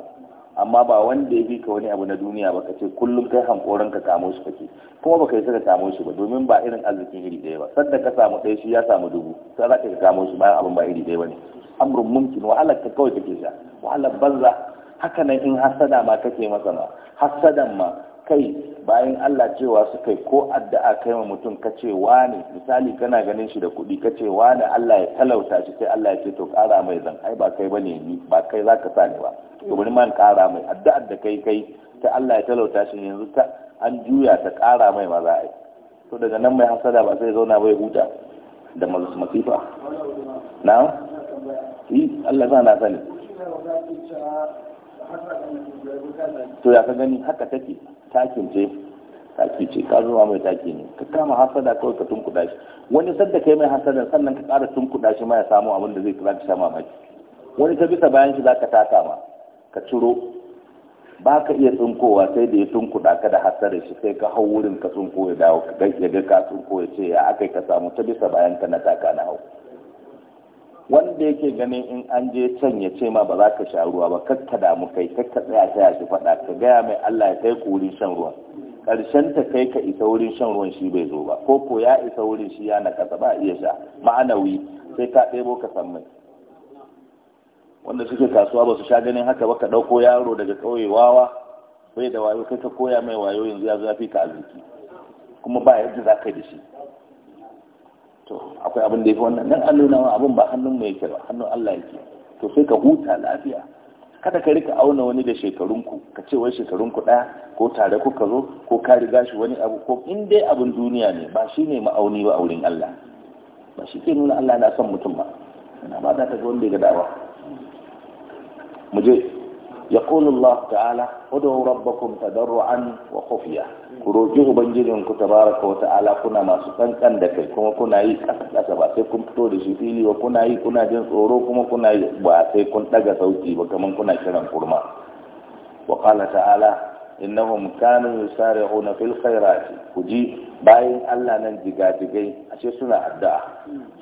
amma ba wanda ya fika wani abu na duniya ba ka ce kullum kai hankoron ka kamo shi kake kuma baka yi saka kamo shi ba domin ba irin arzikin iri daya ba sadda ka samu ɗaya shi ya samu dubu sai za ka kamo shi bayan abin ba iri ɗaya ba ne amrun mumkin wahalar ka kawai kake sha wahalar banza haka nan in hasada ma kake masa ma hasadan ma kai bayan Allah cewa su kai ko addu'a kai ma mutum ka ce wane misali kana ganin shi da kuɗi ka ce wane Allah ya talauta shi sai Allah ya ce to ƙara mai zan ai ba kai bane ni ba kai za ka sa ni ba to bari man ƙara mai addu'ar da kai kai ta Allah ya talauta shi yanzu ta an juya ta ƙara mai ma za a yi to daga nan mai hasada ba sai zauna bai huta da masifa na? Allah sa na sani. to ya ka gani haka take takin ce taki ce ka zuwa mai taki ne ka kama hasada kawai ka tunkuda shi wani sadda kai mai hasada sannan ka ƙara tunkuda shi ma ya samu abin da zai kira sha maki wani ta bisa bayan shi zaka taka ma ka ciro ba ka iya tsinkowa sai da ya tunkuda ka da hasarar shi sai ka hau wurin ka tsinko ya dawo ka ga ka tsinko ya ce ya aka ka samu ta bisa bayan ka na taka na hau wanda yake ganin in an je can ya ce ma ba za ka sha ruwa ba kakka damu kai kakka tsaya tsaya shi faɗa ka gaya mai Allah ya kai ku wurin shan ruwa karshen ta kai ka isa wurin shan ruwan shi bai zo ba ko ko ya isa wurin shi ya na kasa ba iya sha ma'anawi sai ka ɗebo ka san mai wanda suke kasuwa ba su sha ganin haka ba ka ɗauko yaro daga ƙauye wawa bai da wayo kai ka koya mai wayo yanzu ya zafi ka arziki kuma ba yadda za ka yi da shi to akwai abin da ya fi wannan nan an nuna wa abin ba hannun mai yake ba hannun Allah yake to sai ka huta lafiya kada ka rika auna wani da shekarunku ka ce wai shekarunku ɗaya ko tare kuka zo ko ka riga shi wani abu ko in dai abin duniya ne ba shi ne ma'auni ba a wurin Allah ba shi ke nuna Allah na son mutum ba ina ba za ta ga wanda ya ga dawa mu je يقول الله تعالى ادعوا ربكم تضرعا وخفيا كروجه بنجيرن تبارك وتعالى كنا ما سكن كان دكاي كما كنا يي kasa kasa ba sai kun fito da shi fili kuna yi kuna jin tsoro kuma kuna yi ba sai kun ɗaga sauti ba kaman kuna kiran kurma wa qala ta'ala inna kanu yusari'una fil khairati kuji bayan Allah nan jigajigai ashe suna addu'a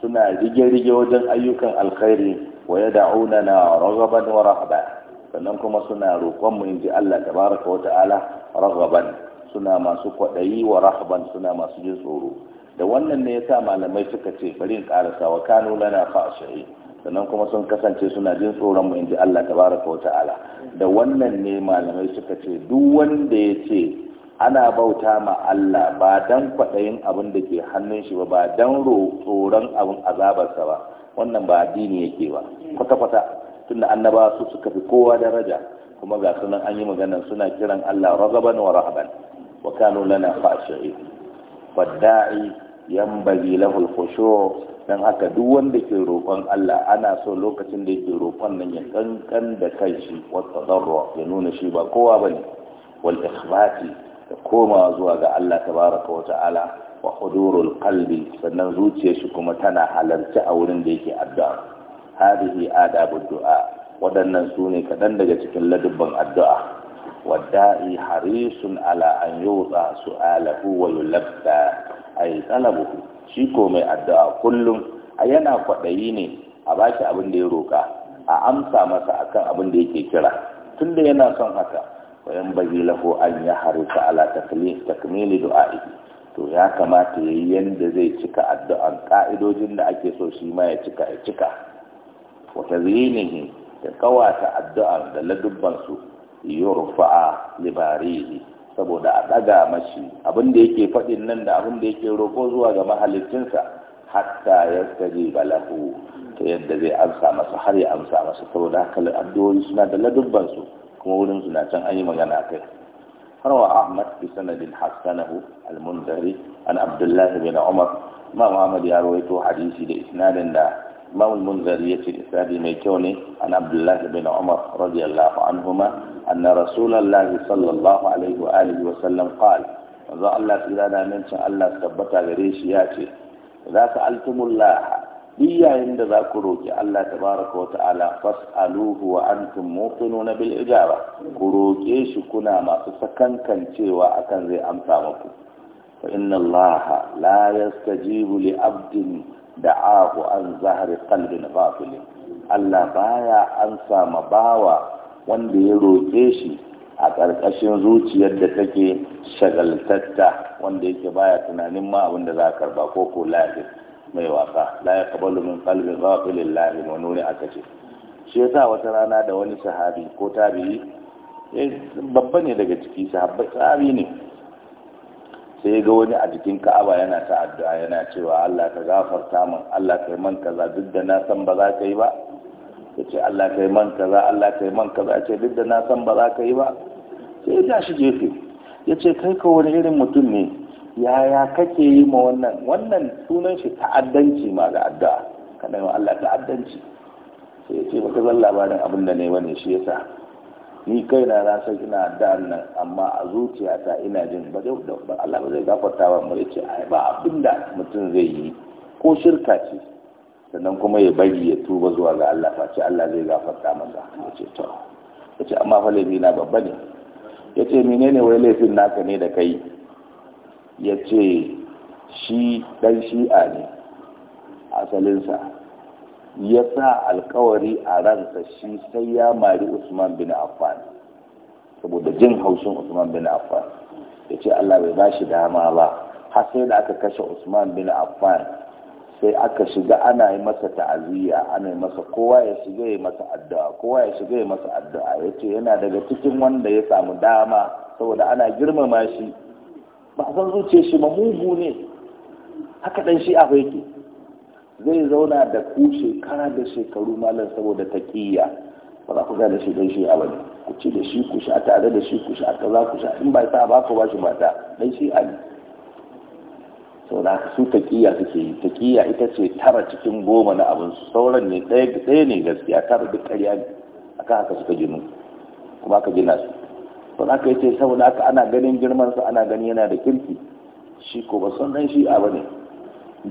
suna rige-rige wajen ayyukan alkhairi wa yad'una na ragaban wa rahaba sannan kuma suna roƙon mu inji Allah tabaraka wa ta'ala raghaban suna masu kwaɗayi wa rahaban suna masu jin tsoro da wannan ne yasa malamai suka ce bari in karasa wa kanu lana khashi'i sannan kuma sun kasance suna jin tsoron mu inji Allah tabaraka wa ta'ala da wannan ne malamai suka ce duk wanda ya ce ana bauta ma Allah ba dan kwaɗayin abin da ke hannun shi ba ba dan tsoron abin azabarsa ba wannan ba addini yake ba kwata-kwata tunda annaba su suka fi kowa daraja kuma ga sunan an yi maganar suna kiran Allah ragaban wa rahaban wa kanu lana khashi'i da'i yanbaghi lahu al-khushu' dan haka duk wanda ke roƙon Allah ana so lokacin da yake roƙon nan ya kankan da kai shi wa tadarru ya nuna shi ba kowa bane wal ikhbati da koma zuwa ga Allah tabaraka wa ta'ala wa hudurul qalbi sannan zuciyar shi kuma tana halarci a wurin da yake addu'a hadihi adabu du'a waɗannan sune ne kaɗan daga cikin ladubban addu'a wadda'i harisun ala an yutsa su'alahu wa yulabba ay talabu shi ko mai addu'a kullum a yana kwaɗayi ne a baki abin da ya roƙa, a amsa masa akan abin da yake kira tunda yana son haka وينبغي له أن يحرص على تكليف تكميل du'a'i to ya kamata yayi yanda zai cika addu'an ka'idojin da ake so shi ma ya cika ya cika wa zinihi da kawata addu'ar da ladubbansu yurfa'a libarihi saboda a daga mashi abin da yake faɗin nan da abin da yake roƙo zuwa ga mahalicinsa hatta ya yastajiba balahu ta yadda zai amsa masa har ya amsa masa saboda haka addu'o'i suna da ladubbansu kuma wurin suna can an yi magana kai sanadin أحمد al-mundari an abdullahi bin umar ma muhammad ya rawaito hadisi da isnadin da imam al ya yace isadi mai kyau ne an abdullah bin umar radiyallahu anhuma anna rasulullah sallallahu alaihi wa alihi wa sallam qala manzo Allah tsira da nan cin Allah tabbata gare shi ya ce za ka altumullah duk yayin da za ku roki Allah tabaraka wa ta'ala fas'aluhu wa antum muqinuna bil ijaba ku roke shi kuna masu sakankancewa akan zai amsa muku fa inna Allah la yastajibu li abdin da'ahu an zahari kalbin ghafilin Allah baya an sama bawa wanda ya roƙe shi a ƙarƙashin zuciyar da take shagaltatta wanda yake baya tunanin ma abin da za a karba ko ko lahir mai wasa la ya kabalu min kalbin ghafilin lahir wani nuni aka ce shi ya sa wata rana da wani sahabi ko tabi'i babba ne daga ciki sahabbai sahabi ne sai ga wani a jikin ka'aba yana ta addu'a yana cewa Allah ka gafarta min Allah ka yi man kaza duk da na san ba za ka yi ba ya ce Allah ka yi man kaza Allah ka yi man kaza ya ce duk da na san ba za ka yi ba sai ya tashi gefe ya ce kai ka wani irin mutum ne yaya kake yi ma wannan wannan sunan shi ta'addanci ma ga addu'a kana yi Allah ta'addanci sai ya ce baka zan labarin abin da ne wani shi yasa ni kai na na san ina da nan amma a zuciyata ina jin ba ba Allah ba zai gafarta ba mu ai ba abinda mutum zai yi ko shirka ce sannan kuma ya bari ya tuba zuwa ga Allah ce Allah zai gafarta masa ce to ce amma fa laifi na babba ne ya yace menene wai laifin naka ne da kai ya ce shi dan shi'a ne asalinsa ya sa alkawari a ransa shi sai ya mari usman bin affan saboda jin haushin usman bin affan ya ce allah bai ba shi dama ba har sai da aka kashe usman bin affan sai aka shiga ana yi masa ta'aziyya ana yi masa kowa ya shiga ya masa addu'a kowa ya shiga ya masa addu'a ya ce yana daga cikin wanda ya samu dama saboda ana girmama shi ba san zuce shi ba mugu ne haka dan shi a yake zai zauna da ku shekara da shekaru malam saboda taƙiyya ba za ku ga da shi don shi abin ku ci da shi ku sha tare da shi ku sha kaza ku sha in ba sa ba ku ba shi mata dan shi a ne saboda haka su taƙiyya suke yi taƙiyya ita ce tara cikin goma na abin su sauran ne ɗaya ne gaskiya tara duk ƙarya ne kan haka suka ginu kuma aka gina su don yi ce saboda haka ana ganin girmansa ana ganin yana da kirki shi ko ba son ɗan shi a ne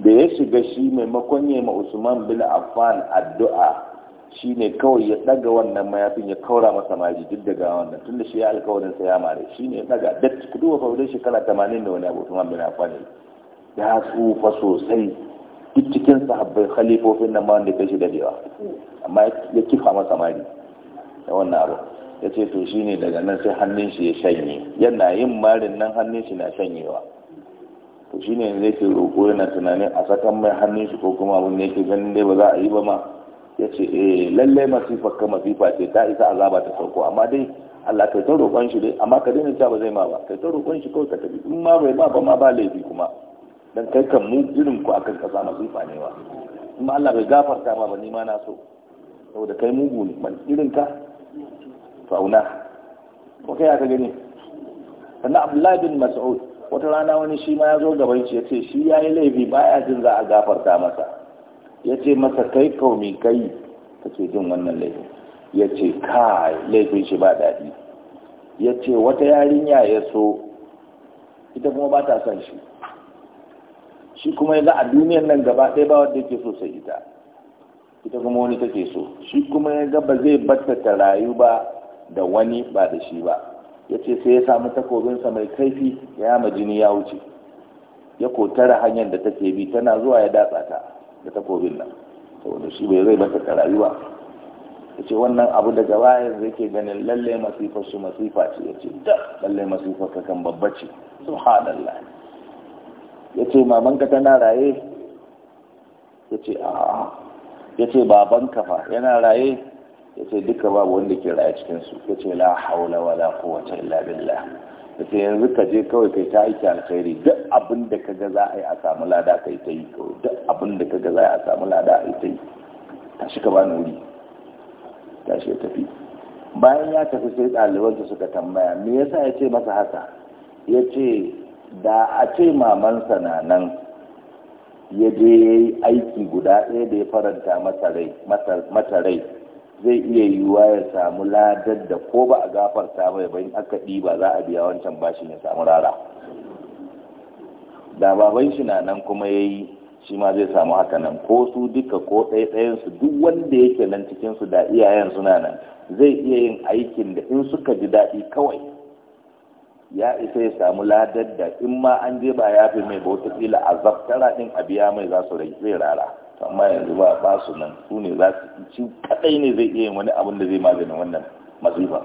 da ya shiga shi maimakon ya ma usman bin affan addu'a shi kawai ya daga wannan mayafin ya kaura masa maji duk daga wannan tun shi ya alƙawarin sa ya mare shi ne ya daga da kudu wa faudai shekara tamanin da wani abu usman bin affan ya tsufa sosai duk cikin sahabbai khalifofin nan ma wanda kai shi dadewa amma ya kifa masa maji da wannan abu ya ce to shine daga nan sai hannun shi ya shanye yana yin marin nan hannun shi na shanyewa to ne ne ke roƙo yana tunanin a sakan mai hannun shi ko kuma abin ne ke ganin dai ba za a yi ba ma ya ce eh lalle masifa ka masifa ce ta isa azaba ta sauko amma dai Allah kai ta roƙon shi dai amma ka daina cewa ba zai ma ba kai ta roƙon shi kawai ka tafi in ma bai ba ba ma ba laifi kuma dan kai kan mu irin ku akan kasa masifa ne wa in ma Allah bai gafarta ma ba ni ma na so saboda kai mugu ne ban irin ka fauna ko kai aka gani sannan Abdullahi bin Mas'ud wata rana wani shi ma ya zo gaban shi ya ce shi ya yi laifi ba ya jin za a gafarta masa ya ce masa kai kaumi kai kake jin wannan laifin ya ce kai laifin shi ba daɗi ya ce wata yarinya ya so ita kuma ba ta son shi shi kuma ya a duniyan nan gaba ɗaya ba wanda yake so sai ita ita kuma wani take so shi kuma ya ga ba zai batta ta rayu ba da wani ba da shi ba ya ce sai ya samu takobinsa mai kaifi ya yama jini ya wuce ya kotara hanyar da take bi tana zuwa ya datsa ta da takobin nan saboda shi bai zai mata rayuwa ya ce wannan abu da gaba yanzu yake ganin lalle masifar su masifa ce ya ce da lalle masifar ka kan babba ce subhanallah ya ce ka tana raye ya ce a ya ce babanka fa yana raye yace duka babu wanda ke raya cikin su yace la haula wala quwwata illa billah yace yanzu ka je kawai kai ta aiki alkhairi duk abin da ga za a yi a samu lada kai ta yi kawai duk abin da ga za a yi a samu lada a yi ta yi shi ka bani wuri shi ya tafi bayan ya tafi sai ɗalibansa suka tambaya me yasa ya ce masa haka ya ce da a ce mamansa na nan ya je ya yi aiki guda ɗaya da ya faranta mata rai zai iya yiwuwa ya samu ladar da ko ba a gafarta mai bayan aka ba za a biya wancan bashin ya samu rara da baban shi na nan kuma ya yi shi ma zai samu haka nan ko su duka ko ɗaya ɗayansu duk wanda yake nan cikinsu da iyayen suna nan zai iya yin aikin da in suka ji daɗi kawai ya isa ya samu ladar da in ma an je ba ya fi mai bautakila a zaftara ɗin a biya mai za su rai rara amma yanzu ba ba su nan su ne za su ci kadai ne zai iya yin wani abin da zai magani wannan masifa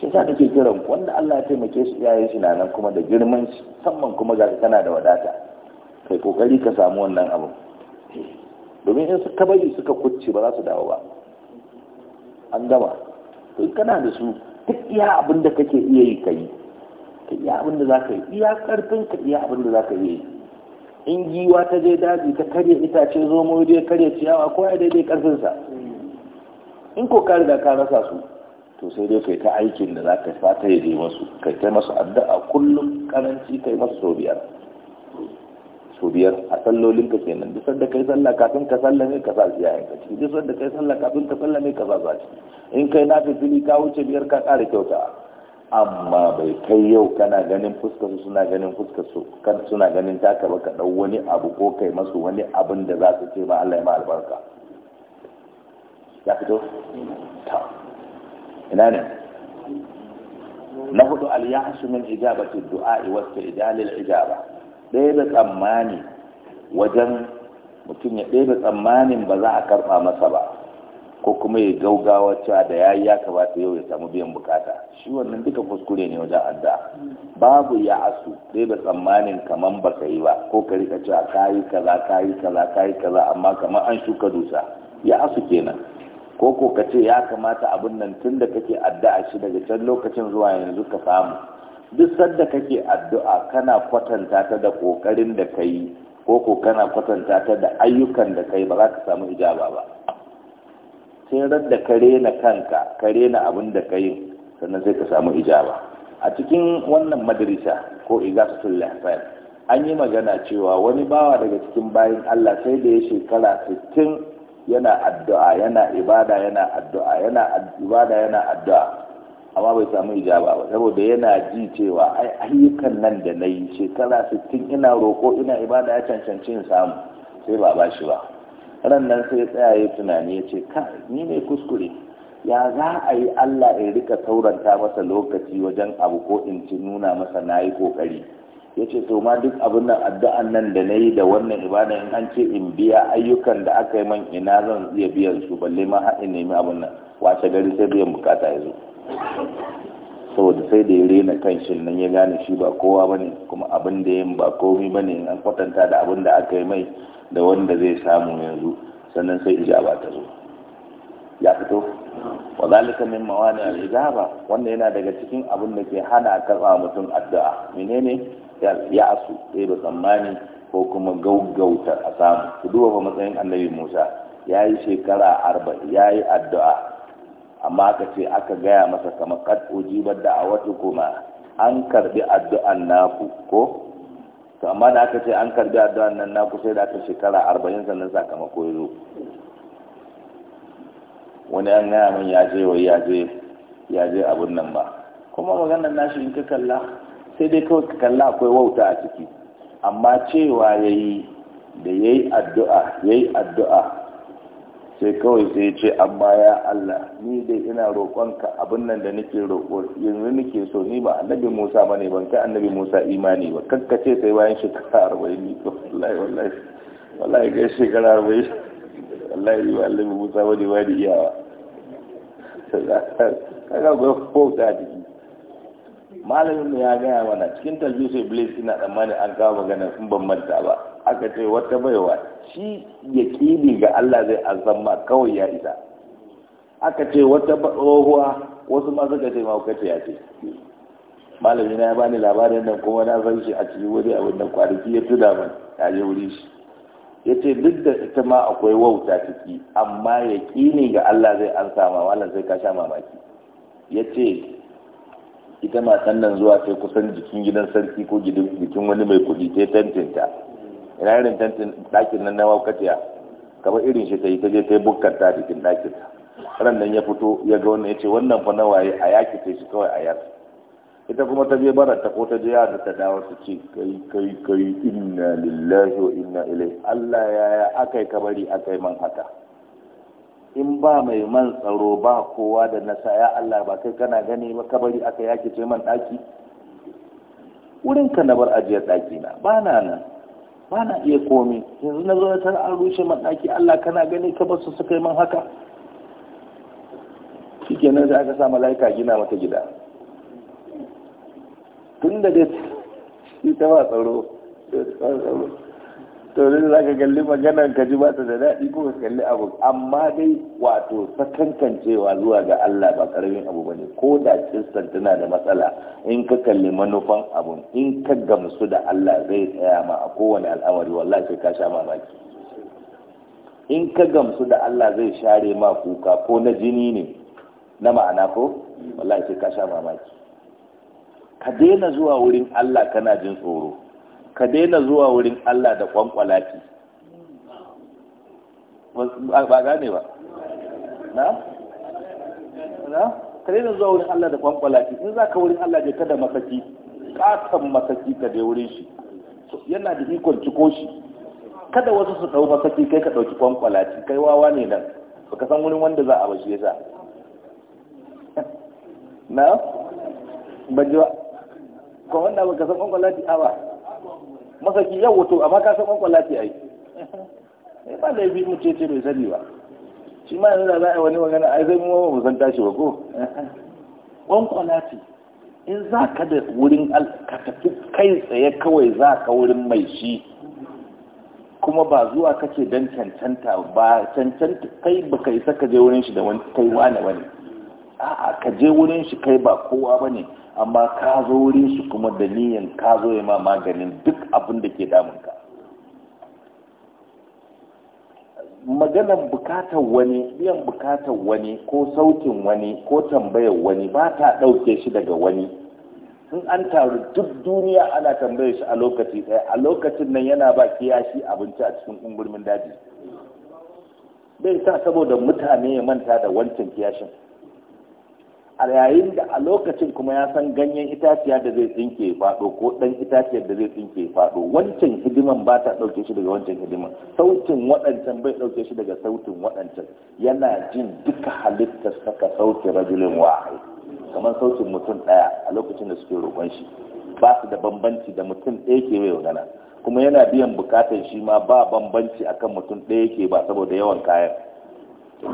shi sa nake kiran wanda Allah ya taimake su iyayen shi na nan kuma da girman shi musamman kuma ga kana da wadata kai kokari ka samu wannan abu domin in suka bari suka kucce ba za su dawo ba an gama kai kana da su duk iya abin da kake iya yi ka yi ka iya abin da za ka yi iya karfin ka iya abin da za ka iya yi in giwa ta je daji ta karya itace zomo ya karya ciyawa ko ya daidai sa in ko ka riga ka rasa su to sai dai kai ta aikin da za ka fata ya je masu kai ta masu addu'a kullum karanci kai masa sau biyar sau biyar a sallolin ka kenan duk sanda kai sallah kafin ka sallame ka sa siya yanka ciki duk sanda kai sallah kafin ka sallame ka sa sa in kai na fili ka wuce biyar ka kare kyauta amma bai kai yau kana ganin fuskarsu suna ganin fuskarsu kan suna ganin taka baka ɗau wani abu ko kai masu wani abin da za su ce ma Allah ya ma albarka ya fito ta ina ne na hudu al-yahshu min ijabati du'a wa istidal al-ijaba dai da tsammani wajen mutum ya ɗaya da tsammanin ba za a karɓa masa ba ko kuma ya gaugawa cewa da yayi ya kamata yau ya samu biyan bukata shi wannan duka kuskure ne wajen adda babu ya asu sai da tsammanin kaman ka yi ba ko ka rika cewa kayi kaza kayi kaza kayi kaza amma kamar an shuka dusa ya asu kenan ko ko ka ce ya kamata abin nan tun da kake addu'a shi daga can lokacin zuwa yanzu ka samu duk sadda kake addu'a kana kwatanta ta da kokarin da kai ko ko kana kwatanta ta da ayyukan da kai ba za ka samu ijaba ba sai rada ka rena kanka ka rena abin da ka yi sannan sai ka samu ijaba a cikin wannan madarisa ko igasatul lahfan an yi magana cewa wani bawa daga cikin bayan Allah sai da ya shekara 60 yana addu'a yana ibada yana addu'a yana ibada yana addu'a amma bai samu ijaba ba saboda yana ji cewa ai ayyukan nan da na yi shekara sittin ina roko ina ibada ya cancanci in samu sai ba ba shi ba ran nan sai tsaya ya tunani ya ce ka ni ne kuskure ya za a yi Allah ya rika tauranta masa lokaci wajen abu ko in ci nuna masa na yi kokari ya ce to ma duk abin nan addu'an nan da na yi da wannan ibada in an ce in biya ayyukan da aka yi man ina zan iya biyan su balle ma haɗin nemi abin nan wace gari sai biyan bukata ya zo saboda sai da ya rena kan shi nan ya gane shi ba kowa ba ne kuma abin da yin ba komi ba ne an kwatanta da abin da aka yi mai da wanda zai samu yanzu sannan sai ijaba ta zo ya fito wa zalika min mawani al-ijaba wanda yana daga cikin abin da ke hana karba mutum addu'a menene ya asu sai ba tsammani ko kuma gaugauta a samu ku duba matsayin annabi Musa yayi shekara 40 yayi addu'a amma aka ce aka gaya masa kamar kad ujibar da a wata kuma an karbi addu'an naku ko to amma da aka ce an karbi addu'an nan naku sai da aka shekara arba'in sannan sakamako ya zo wani an gaya min ya je wai ya je ya je abun nan ba kuma maganar nashi in ka kalla sai dai kawai ka kalla akwai wauta a ciki amma cewa yayi da yayi addu'a yayi addu'a sai kawai sai ya ce amma ya Allah ni dai ina roƙonka abin nan da nake roƙo yanzu nake so ni ba annabi Musa bane ban kai annabi Musa imani ba kakkace sai bayan shekara 40 ni to wallahi wallahi wallahi ga shekara 40 wallahi ba annabi Musa bane ba da iyawa kaga ga ko da jiki malamin ya gaya mana cikin talbis iblis ina tsammani an kawo magana in ban manta ba aka ce wata baiwa shi ya kini ga Allah zai azamma kawai ya isa aka ce wata tsohuwa wasu masu suka ce ya ce malami ya bani labarin nan kuma na san shi a cikin wuri abin nan kwariki ya tuna min ya je wuri shi ya ce duk da ita ma akwai wauta ciki amma ya kini ga Allah zai an sama wannan sai ka mamaki ya ce ita ma sannan zuwa sai kusan jikin gidan sarki ko jikin bikin wani mai kuɗi ta tantanta. ina irin tantin ɗakin nan na maukaciya kamar irin shi ta yi ta je ta yi bukkar ta cikin ɗakin ran nan ya fito ya ga wannan ya wannan fa nawaye a yaki ta shi kawai a yar ita kuma ta je bara ta ko ta je yadda ta dawo ta ce kai kai kai inna lillahi wa inna ilaihi Allah ya ya akai kabari akai man haka in ba mai man tsaro ba kowa da nasa ya Allah ba kai kana gani ba kabari aka yaki ce man daki wurin ka na bar ajiyar daki na ba na nan ba na iya komi yanzu na zo na tara an rushe maɗaki Allah kana gani ka basu su yi man haka shi ke nan aka sa mala'ika gina mata gida tun da dai ita ba tsaro to ne za ka kalli maganar ka ji ba ta da daɗi ko ka kalli abu amma dai wato sakankancewa zuwa ga Allah ba karamin abu bane ko da kistan tana da matsala in ka kalli manufan abun in ka gamsu da Allah zai tsaya ma a kowane al'amari wallahi sai ka sha mamaki in ka gamsu da Allah zai share ma kuka ko na jini ne na ma'ana ko wallahi sai ka sha mamaki ka daina zuwa wurin Allah kana jin tsoro ka daina zuwa wurin Allah da kwankwalati ba gane ba na? na? ka daina zuwa wurin Allah da kwankwalati in za ka wurin Allah je da masaki katon masaki ka dai wurin shi yana da ikon ciko shi kada wasu su ɗau masaki kai ka ɗauki kwankwalati kai wawa ne nan baka san wurin wanda za a shi yasa na? ban ji ba ko wanda ka san kwankwalati a ba masaki yau wato amma ka san kwankwala ce yi eh ba laifi mu ce ce bai sani ba shi ma yanzu da za a yi wani magana ai zai mawa musan tashi ba ko kwankwala ce in za ka da wurin ka tafi kai tsaye kawai za ka wurin mai shi kuma ba zuwa kace don cancanta ba cancanta kai ba ka isa ka je wurin shi da wani kai wane wani a'a ka je wurin shi kai ba kowa ba ne amma ka zo wurin su kuma da niyan ka zo ya ma maganin duk abin da ke damunka maganar bukatar wani biyan bukatar wani ko saukin wani ko tambayar wani ba ta ɗauke shi daga wani sun an taru duk duniya ana tambayar shi a lokaci ɗaya a lokacin nan yana ba kiyashi abinci a cikin ungurmin daji bai sa saboda mutane ya manta da wancan kiyashin a yayin da a lokacin kuma ya san ganyen itaciya da zai tsinke faɗo ko ɗan itaciyar da zai tsinke faɗo wancan hidiman ba ta ɗauke shi daga wancan hidiman sautin waɗancan bai ɗauke shi daga sautin waɗancan yana jin duka halittar saka sautin rajulin wahai kamar sautin mutum ɗaya a lokacin da suke roƙon shi ba su da bambanci da mutum ɗaya ke mai magana kuma yana biyan buƙatar shi ma ba bambanci akan mutum ɗaya ke ba saboda yawan kayan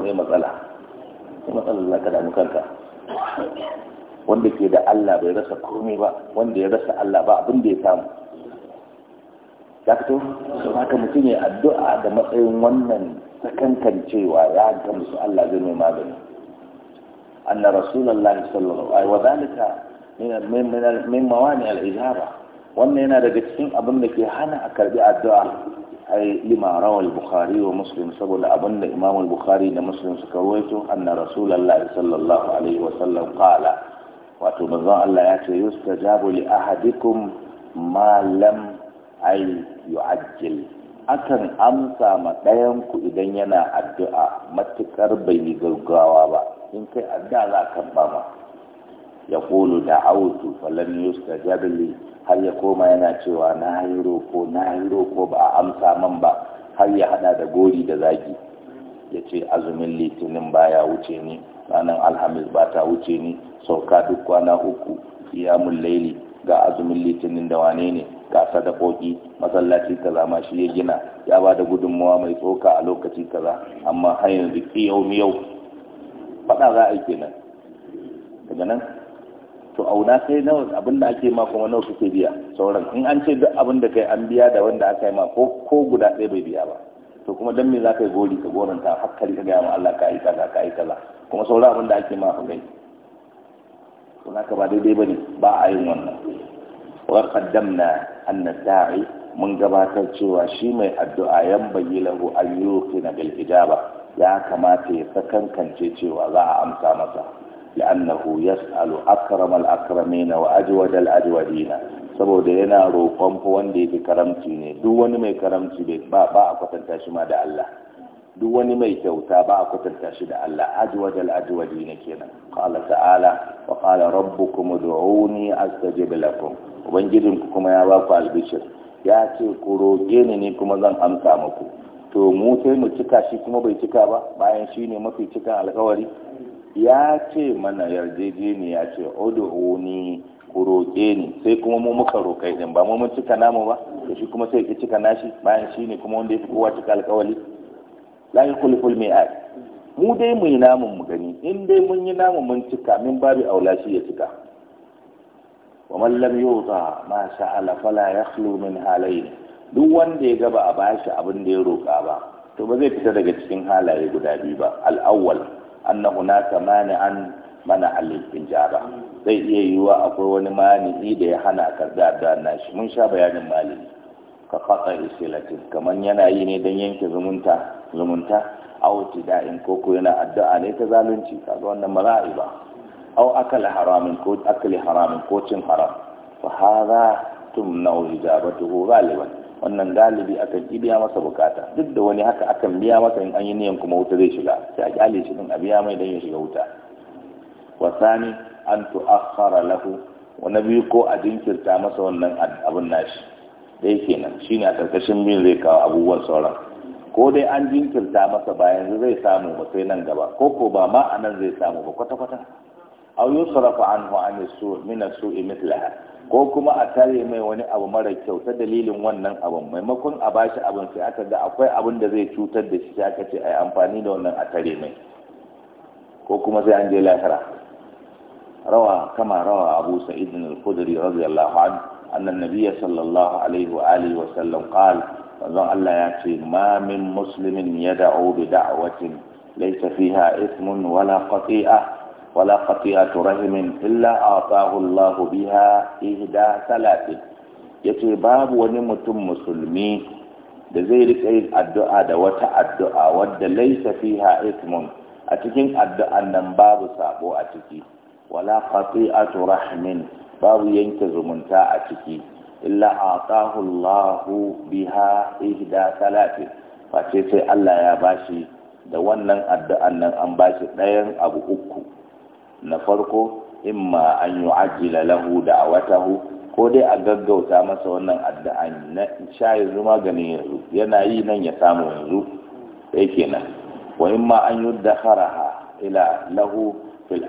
me matsala matsalar da damu kanka wanda ke da Allah bai rasa komai ba wanda ya rasa Allah ba abin da ya samu Dakto, so haka mutum ya addu'a da matsayin wannan sakankancewa ya gamsu Allah zai mai magani anna rasulullahi sallallahu alaihi wa zalika min min mawani al-ijaba wannan yana daga cikin abin da ke hana a karbi addu'a a lima bukhari wa muslim saboda abin da imam bukhari da muslim suka rawaito anna Rasulallah sallallahu alaihi wa sallam qala wato manzon Allah ya ce yustajabu li ahadikum ma lam ai yu'ajjil akan amsa ma ɗayan ku idan yana addu'a matukar bai yi gaggawa ba in kai addu'a za ka ba ma ya da autu falam yustajab jabili har ya koma yana cewa na yi ko na yi roko ba a amsa man ba har ya hada da gori da zagi ya ce azumin litinin ba ya wuce ni ranar alhamis ba ta wuce ni sauka duk kwana uku kiyamun laili ga azumin litinin da wane ne ga sadakoki masallaci kaza ma shi ya gina ya ba da gudunmawa mai tsoka a lokaci kaza amma har yanzu kiyau miyau faɗa za a yi kenan daga nan to auna kai nawa abin da ake ma kuma nawa kuke biya sauran in an ce duk abin da kai an biya da wanda aka yi ma ko guda ɗaya bai biya ba to kuma dan me za ka yi gori ka goranta har ka gaya ma Allah ka yi kaza ka yi kaza kuma sauran abin da ake ma gai to naka ba daidai bane ba a yin wannan wa qaddamna anna da'i mun gabatar cewa shi mai addu'a yan bayyilahu ayyuki na bil ijaba ya kamata ya sakankance cewa za a amsa masa لأنه يسأل أكرم الأكرمين وأجود الأجودين saboda yana roƙon fa wanda yake karamci ne duk wani mai karamci ba ba a kwatanta shi ma da Allah duk wani mai kyauta ba a kwatanta shi da Allah ajwad al ajwadi ne kenan qala ta'ala wa qala rabbukum ud'uni astajib lakum ubangijin ku kuma ya ba ku albishir ya ce ku roƙe ni ne kuma zan amsa muku to mu sai mu cika shi kuma bai cika ba bayan shi ne mafi cikan alkawari ya ce mana yarjejeniya ce ni ku roƙe ni sai kuma mu muka roƙe din ba mu mun cika namu ba to shi kuma sai ki cika nashi bayan shi ne kuma wanda ya fi kowa cika alƙawali la mai ai mu dai mu yi namun mu gani in dai mun yi namun mun cika min babu aula shi ya cika wa man lam yuta ma sha'ala fala yakhlu min halaye duk wanda ya gaba a bashi abin da ya roƙa ba to ba zai fita daga cikin halaye guda biyu ba al-awwal anna hunaka an mana alifin jara zai iya yiwuwa akwai wani mani'i da ya hana ka da shi mun sha bayanin mali. ka faka isilatin kamar yana yi ne don yanke zumunta zumunta dain tida'in koko yana addu'a ne ta zalunci zo wannan mara'i ba au haramin ko akali haramin ko cin haram fa hadha tumna ijabatuhu ghaliban wannan galibi akan ki biya masa bukata duk da wani haka akan biya masa in an yi niyan kuma wuta zai shiga sai a kyale shi din a biya mai dan ya shiga wuta wa sani an tu'akhkhara lahu wa nabi ko a jinkirta masa wannan abun nashi dai kenan shine a karkashin bin zai kawo abubuwan sauran ko dai an jinkirta masa bayan zai samu ba sai nan gaba ko ko ba ma anan zai samu ba kwata kwata aw yusrafa anhu an su min sui mithlaha ko kuma a tare mai wani abu mara kyau ta dalilin wannan abin maimakon a bashi abin sai aka ga akwai abin da zai cutar da shi sai aka ce yi amfani da wannan a tare mai ko kuma sai an je lahira rawa kama rawa abu sa'id al-khudri radiyallahu anhu alaihi النبي صلى الله عليه وآله وسلم allah ya ce يأتي ما من مسلم يدعو بدعوة ليس فيها إثم ولا قطيئة ولا قطيعة رحم إلا أعطاه الله بها إهدى ثلاث yace babu wani mutum musulmi da zai rika yin addu'a da wata addu'a wadda laisa fiha ismun a cikin addu'an nan babu sabo a ciki wala qati'atu rahmin babu yanke zumunta a ciki illa atahu Allahu biha ihda salatin face sai Allah ya bashi da wannan addu'an nan an bashi ɗayan abu uku na farko imma an yi ajila lahu da'awatahu ko dai a gaggauta masa wannan addu'a na shayin yanzu maganin yanzu yana yi nan ya samu yanzu sai kenan wa imma an yuddakharaha ila lahu fil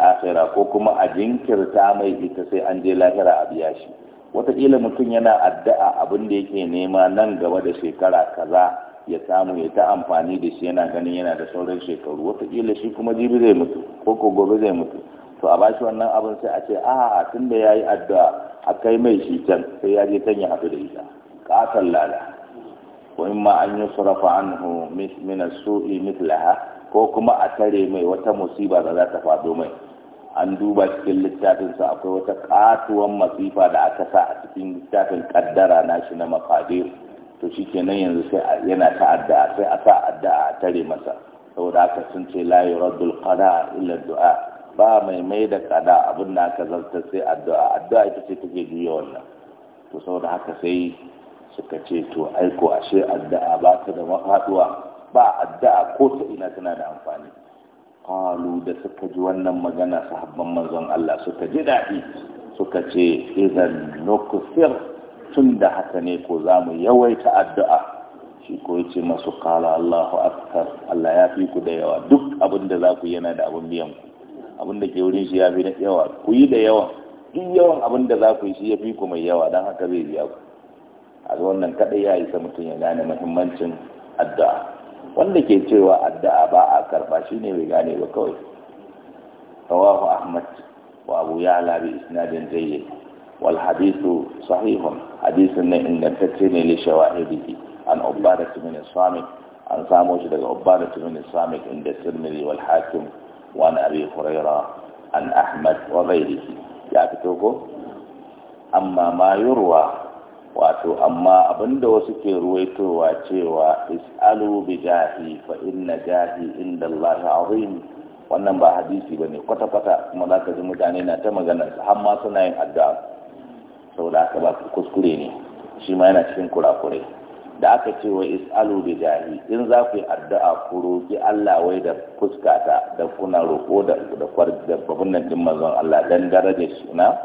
ko kuma a jinkirta mai ita sai an je lahira a biya shi wataƙila mutum yana addu'a abin da yake nema nan gaba da shekara kaza ya samu ya ta amfani da shi yana ganin yana da sauran shekaru wataƙila shi kuma jibi zai mutu ko ko gobe zai mutu to a bashi wannan abin sai a ce a tun da ya yi addu'a a kai mai shi can sai ya je can ya haɗu da ita ƙatan lada ko in ma an yi surafa an hu mina su'i mitlaha ko kuma a tare mai wata musiba da za ta faɗo mai an duba cikin littafinsa akwai wata ƙatuwan masifa da aka sa a cikin littafin ƙaddara na shi na mafadir to shi kenan yanzu sai yana ta addu'a sai a sa addu'a a tare masa saboda aka sun ce la yuraddul qada illa du'a ba mai mai da kada abin da aka zarta sai addu'a addu'a ita ce take juya wannan to saboda haka sai suka ce to aiko ashe addu'a ba ta da mafaduwa ba addu'a ko ta ina tana da amfani qalu da suka ji wannan magana sahabban manzon Allah suka ji daɗi suka ce idan nukusir tun da haka ne ko za mu yawaita addu'a shi ko ce masu kala Allahu akbar Allah ya fi ku da yawa duk abin da za ku yana da abin biyan ku abin da ke wurin shi ya fi da yawa ku yi da yawa duk yawan abin da za ku yi shi ya fi ku mai yawa don haka zai biya ku a wannan kaɗai ya isa mutum ya gane muhimmancin addu'a wanda ke cewa addu'a ba a karba shine bai gane ba kawai rawahu ahmad wa abu ya isnadin jayyid wal hadithu sahihun hadisin nan ingantacce ne li shawahidihi an ubbada bin samit an samo shi daga ubbada bin samit inda tirmidhi wal hakim وعن أبي هريرة عن أحمد وغيره يا أما ما يروى wato amma abinda wasu ke ruwaitowa cewa is'alu bi jahi fa inna jahi inda Allah azim wannan ba hadisi ne, kwata kwata kuma zaka ji mutane na ta maganar har ma suna yin addu'a saboda haka ba kuskure ne shi ma yana cikin kurakurai da aka ce wa is'alu bi jahi in za ku yi addu'a ku roki Allah wai da fuskata da kuna roko da da da babun nan din manzon Allah dan darajar suna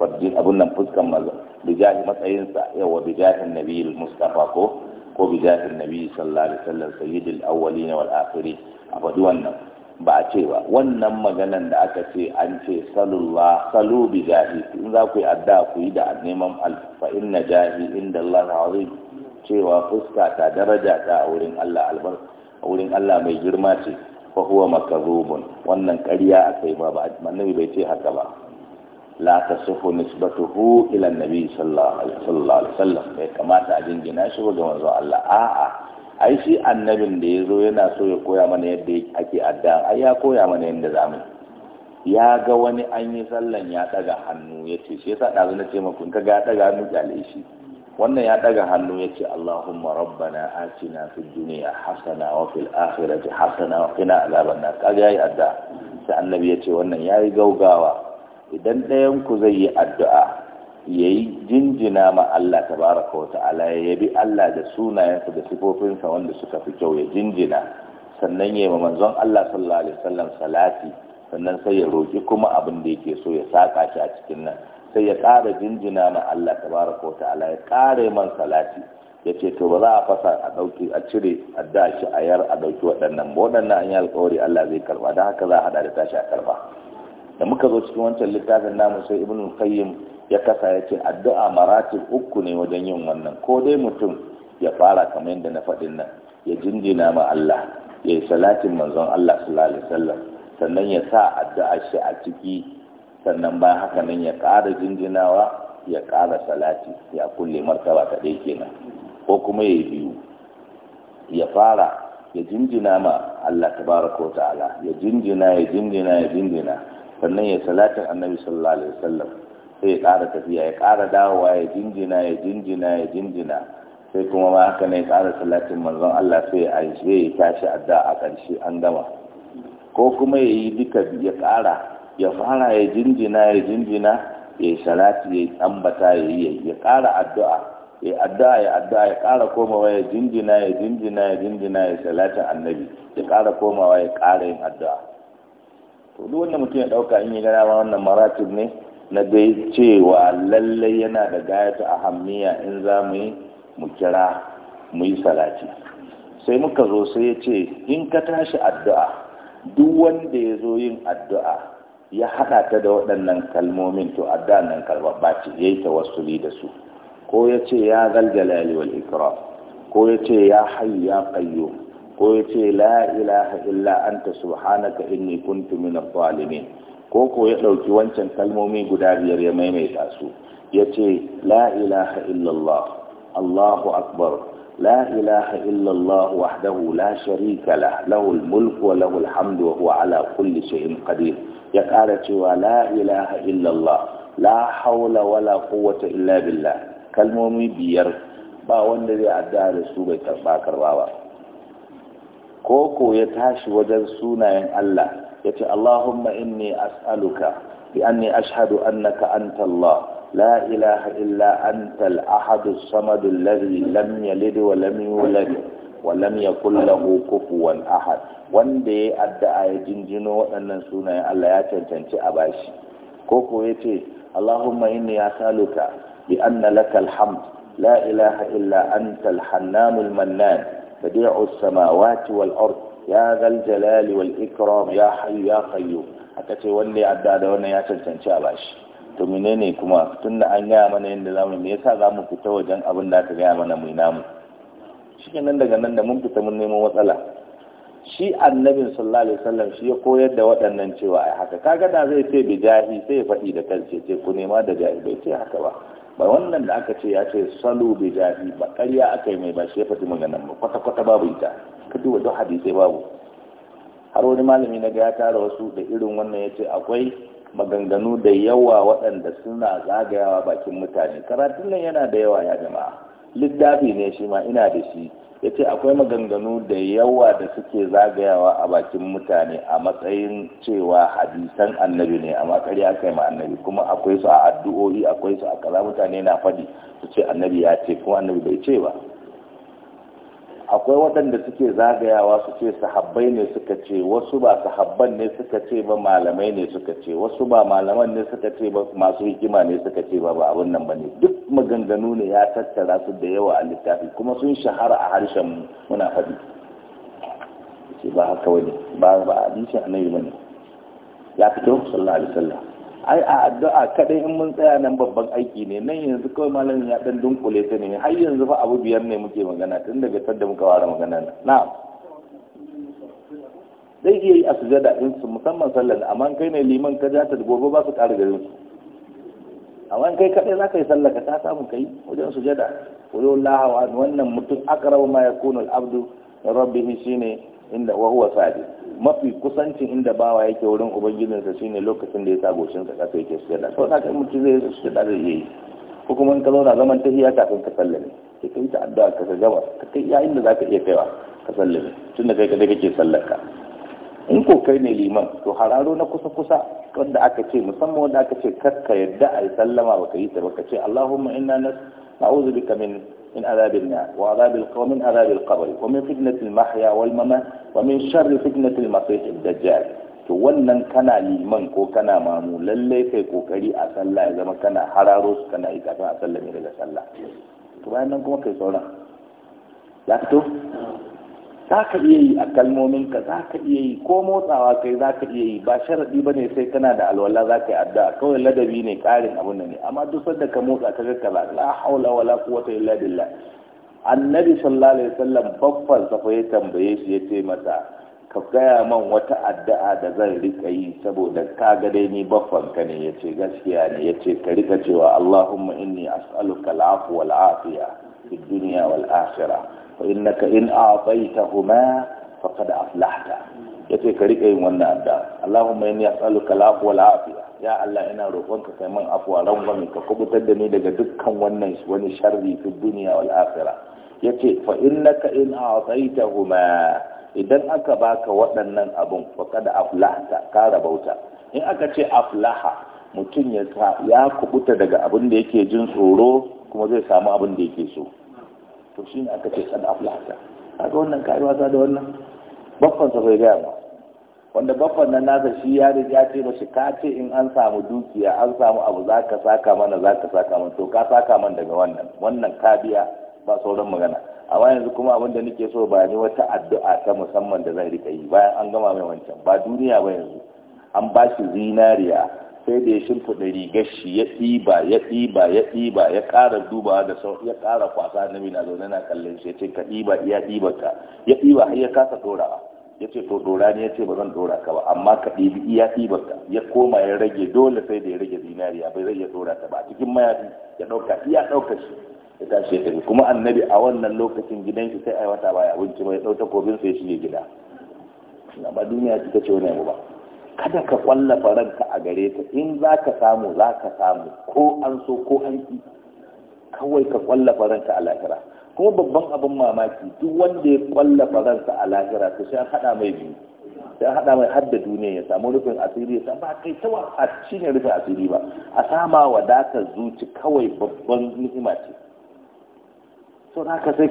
kwadin abun nan fuskan mazan bi jahi matsayin sa yawa bi jahin nabiyil mustafa ko ko bi jahin nabi sallallahu alaihi wasallam sayyidil awwalin wal akhirin a faɗi wannan ba a ce ba wannan maganan da aka ce an ce salullah salu bi jahi in za ku yi addu'a ku yi da neman alfa inna jahi inda Allah azim cewa fuska ta daraja ta a wurin Allah albar a wurin Allah mai girma ce fa huwa makazubun wannan ƙarya akai ba ba annabi bai ce haka ba la tasifu nisbatuhu ila nabi sallallahu alaihi wasallam bai kamata a jingina shi ga manzo Allah a'a ai shi annabin da ya zo yana so ya koya mana yadda ake adda ai ya koya mana yadda zamu ya ga wani an yi sallan ya daga hannu yace shi yasa dazu na ce muku ka ga daga hannu kyale shi wannan ya daga hannu ya ce Allahumma rabbana atina fid dunya hasana wa fil akhirati hasana wa qina azaban nar kaga yayi addu'a sai annabi ya ce wannan yayi gaugawa idan ɗayan ku zai yi addu'a yayi jinjina ma Allah tabaraka wa ta'ala ya yabi Allah da sunayensa da sifofinsa wanda suka fi kyau ya jinjina sannan ya ma manzon Allah sallallahu alaihi wasallam salati sannan sai ya roki kuma abin da yake so ya saka shi a cikin nan sai ya ƙara jinjina ma Allah ta tabaraka wa ta'ala ya ƙare man salati ya ce to ba za a fasa a ɗauki a cire a dashi a yar a ɗauki waɗannan ba waɗannan an yi alƙawari Allah zai karba don haka za a haɗa da tashi a karba da muka zo cikin wancan littafin namu sai ibn qayyim ya kasa ya ce addu'a maratib uku ne wajen yin wannan ko dai mutum ya fara kamar yadda na faɗin nan ya jinjina ma Allah ya yi salatin manzon Allah sallallahu alaihi wasallam sannan ya sa addu'a shi a ciki sannan bayan haka nan ya ƙara jinjinawa ya ƙara salati ya kulle martaba ta ɗaya kenan ko kuma ya biyu ya fara ya jinjina ma Allah tabaraka wa ta'ala ya jinjina ya jinjina ya jinjina sannan ya salatin annabi sallallahu alaihi wasallam sai ya ƙara tafiya ya ƙara dawowa ya jinjina ya jinjina ya jinjina sai kuma ma haka ne ya ƙara salatin manzon Allah sai ya tashi addu'a a ƙarshe an gama ko kuma ya yi duka ya ƙara ya fara ya jinjina ya jinjina ya yi salati ya yi ambata ya yi ya ƙara addu'a ya yi addu'a ya addu'a ya ƙara komawa ya jinjina ya jinjina ya jinjina ya salatin annabi ya ƙara komawa ya ƙara yin addu'a to duk wanda mutum ya ɗauka in yi gana ma wannan maratib ne na dai cewa lallai yana da a ahammiya in za mu yi mu kira mu yi salati sai muka zo sai ya ce in ka tashi addu'a duk wanda ya zo yin addu'a ya haɗa ta da waɗannan kalmomin to adda nan karbabba ce ya yi tawassuli da su ko ya ce ya zaljalali wal ikram ko ya ce ya hayyu ya qayyum ko ya ce la ilaha illa anta subhanaka inni kuntu min adh ko ko ya ɗauki wancan kalmomi guda biyar ya maimaita su ya ce la ilaha illallah allahu akbar لا إله إلا الله وحده لا شريك له له الملك وله الحمد وهو على كل شيء قدير يقارت لا إله إلا الله لا حول ولا قوة إلا بالله كالمومي بير با wanda zai addu'a da su bai karba karba ba koko ya tashi wajen sunayen Allah yace Allahumma inni as'aluka لأني أشهد أنك أنت الله لا إله إلا أنت الأحد الصمد الذي لم يلد ولم يولد ولم يكن له كفوا أحد wanda ya addu'a ya jinjino waɗannan sunayen Allah ya cancanci a bashi ko ko ya ce Allahumma inni asaluka bi anna laka alhamd la ilaha illa anta alhannam almannan badi'u as-samawati wal ard ya dhal jalali wal ikram ya hayyu ya qayyum aka ce wanda ya adda da wannan ya cancanci a bashi to menene kuma tunda an gaya mana yadda zamu me yasa zamu fita wajen abin da aka gaya mana mu namu shikenan daga nan da mun fita mun nemo matsala shi annabin sallallahu alaihi wasallam shi ya koyar da waɗannan cewa ai haka kaga da zai ce bi jahi sai ya faɗi da kansa ce ku nema da jahi bai ce haka ba ba wannan da aka ce ya ce salu bi jahi ba ƙarya aka yi mai ba shi ya faɗi maganar ba kwata kwata babu ita ka duba duk hadisai babu har wani malami na ya tara wasu da irin wannan ya ce akwai maganganu da yawa waɗanda suna zagayawa bakin mutane karatun nan yana da yawa ya jama'a littafi ne shi ma ina da shi ya ce akwai maganganu da yawa da suke zagayawa a bakin mutane a matsayin cewa hadisan annabi ne amma ƙarya kai ma annabi kuma akwai su a addu'o'i akwai su a kaza mutane na faɗi su ce annabi ya ce kuma annabi bai ce ba akwai waɗanda suke zagayawa su ce sahabbai ne suka ce wasu ba sahabban ne suka ce ba malamai ne suka ce wasu ba malaman ne suka ce ba masu hikima ne suka ce ba ba abin nan ba ne duk maganganu ne ya tattara su da yawa a littafi kuma sun shahara a harshen muna faɗi ba haka wani ba ba a annabi ba ne ya fito sallallahu alaihi wasallam ai a addu'a kadai in mun tsaya nan babban aiki ne nan yanzu kawai malamin ya dan dunkule ta ne har yanzu fa abu biyar ne muke magana tun daga da muka fara magana na. na'am zai iya yi a sujada in su musamman sallar amma kai ne liman ka jata da gobe ba su ƙara garin su amma kai kadai za ka yi sallar ka ta samu kai wajen sujada wajen lahawa wannan mutum akarau ma yakunu al-abdu rabbihi shine inda wahuwa huwa sadiq mafi kusancin inda bawa yake wurin ubangijinsa shine lokacin da ya sa ka kasa yake sujada to da kan mutum zai sujada zai yi hukumar ka zauna zaman tahiyya kafin ka sallame ka yi ta addu'a ka sa gaba ka kai ya inda ka iya kaiwa ka sallame da kai kadai kake ka. in ko kai ne liman to hararo na kusa kusa wanda aka ce musamman wanda aka ce kar ka yadda a yi sallama ba ka yi ta ba ka ce Allahumma inna nas نعوذ بك من من عذاب النار وعذاب القبر ومن عذاب القبر ومن فتنة المحيا والممات ومن شر فتنة المسيح الدجال to wannan kana liman ko kana mamu lallai kai kokari a sallah ya zama kana hararo su kana yi kafin a sallah ne daga sallah to bayan nan kuma kai sauran ya fito za ka iya yi a kalmominka za ka iya yi ko motsawa kai za ka iya yi ba sharaɗi ba ne sai kana da alwala za ka yi addu'a kawai ladabi ne ƙarin abin da ne amma duk sanda ka motsa ka ga kaza la haula wala quwwata illa billah annabi sallallahu alaihi wasallam babban safa ya tambaye shi ya ce mata ka gaya man wata addu'a da zan rika yi saboda ka ga dai ni baffan ka ne yace gaskiya ne yace ka rika cewa Allahumma inni as'aluka al-afwa wal afiya fid dunya wal akhirah فإنك إن أعطيتهما فقد أفلحت yace ka rike yin wannan adda Allahumma inni as'aluka al-afwa wal afiya ya Allah ina roƙonka kai min afwa rangwame ka kubutar da ni daga dukkan wannan wani sharri fi dunya wal akhirah yace fa innaka in a'taytahuma idan aka baka waɗannan abun faqad aflahta ka rabauta in aka ce aflaha mutum ya ya kubuta daga abin da yake jin tsoro kuma zai samu abin da yake so to shi ne aka ce kan aflata ga wannan kai wasa da wannan baffan sa bai gaya ba wanda baffan nan nasa shi ya riga ce mashi ka ce in an samu dukiya an samu abu za ka saka mana za ka saka mana to ka saka mana daga wannan wannan ka biya ba sauran magana amma yanzu kuma abin da nake so ba ni wata addu'a ta musamman da zai rika yi bayan an gama mai wancan ba duniya ba yanzu an ba shi zinariya sai da ya shimfiɗa rigar shi ya ɗiba ya ɗiba ya ɗiba ya ƙara dubawa da sau ya ƙara kwasa na mina zaune na kallon shi ya ce ka ɗiba iya ɗiba ka ya ɗiba har ya kasa ɗorawa ya ce to ɗora ne ya ce ba zan ɗora ka ba amma ka ɗibi iya ɗiba ka ya koma ya rage dole sai da ya rage zinariya bai zai iya ɗora ta ba cikin mayafi ya ɗauka iya ɗaukar shi ya tashi ya tafi kuma annabi a wannan lokacin gidan shi sai a wata baya abinci mai ɗau takobinsa ya shige gida ba duniya ta ce wani abu ba kada ka kwallafa ranka a gare ta in za ka samu za ka samu ko an so ko an ki kawai ka kwalla ranka a lahira kuma babban abin mamaki duk wanda ya kwalla ransa a lahira to sai hada mai biyu sai hada mai hadda duniya ya samu rufin asiri ya ba kai tawa a shine rufin asiri ba a sama wadatar zuci kawai babban ni'ima ce to haka sai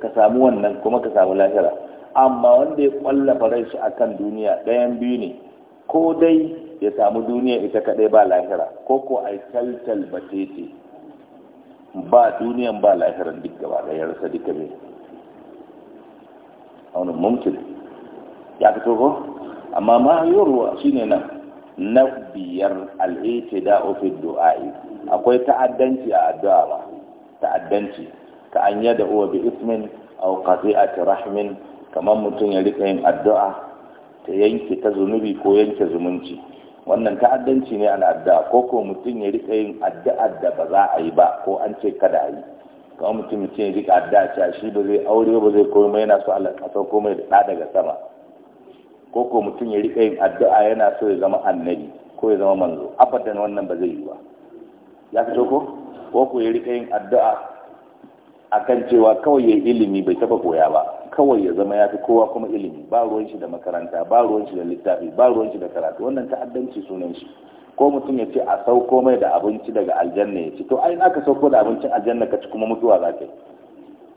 ka samu wannan kuma ka samu lahira amma wanda ya kwallafa rai a kan duniya ɗayan biyu ne ko dai ya samu duniya ita kadai ba lahira ko ko ai taltal batete ba duniyan ba lahiran duk gaba da ya rasa duka ne wani mumkin ya fito ko amma ma yorwa shine nan na biyar al'ita da ofin du'a'i akwai ta'addanci a addu'a ba ta'addanci ka an yada uwa bi ismin au qati'ati rahmin kamar mutum ya rika yin addu'a ta yanke ta zunubi ko yanke zumunci wannan ta'addanci ne an adda ko ko mutum ya rika yin addu'ar da ba za a yi ba ko an ce kada a yi kamar mutum mutum ya rika addu'a cewa shi ba zai aure ba zai koma yana so Allah ka sauko mai da daga sama ko ko mutum ya rika yin addu'a yana so ya zama annabi ko ya zama manzo abadan wannan ba zai yi ba ya fito ko ko ko ya rika yin addu'a akan cewa kawai ya ilimi bai taba koya ba kawai ya zama ya fi kowa kuma ilimi ba ruwan shi da makaranta ba ruwan shi da littafi ba ruwan shi da karatu wannan ta'addanci sunan shi ko mutum ya ce a sauko mai da abinci daga aljanna ya ci to ai aka sauko da abincin aljanna ka ci kuma mutuwa za ka yi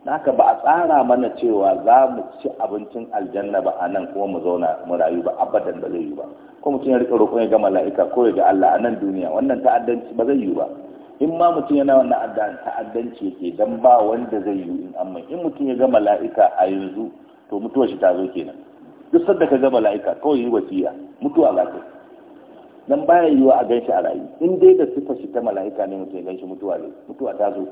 haka ba a tsara mana cewa za mu ci abincin aljanna ba a nan kuma mu zauna mu rayu ba abadan ba zai yi ba ko mutum ya rika roƙon ya ga mala'ika ko ya ga Allah a nan duniya wannan ta'addanci ba zai yi ba in ma mutum yana wannan ta'addanci yake dan ba wanda zai yi in amma in mutum ya ga mala'ika a yanzu to mutuwar shi ta zo kenan duk sanda ka ga mala'ika kawai yi wasiya mutuwa za ta nan baya wa a ganshi a rayu in dai da sifar shi ta mala'ika ne mutum ya ganshi mutuwa ne mutuwa ta zo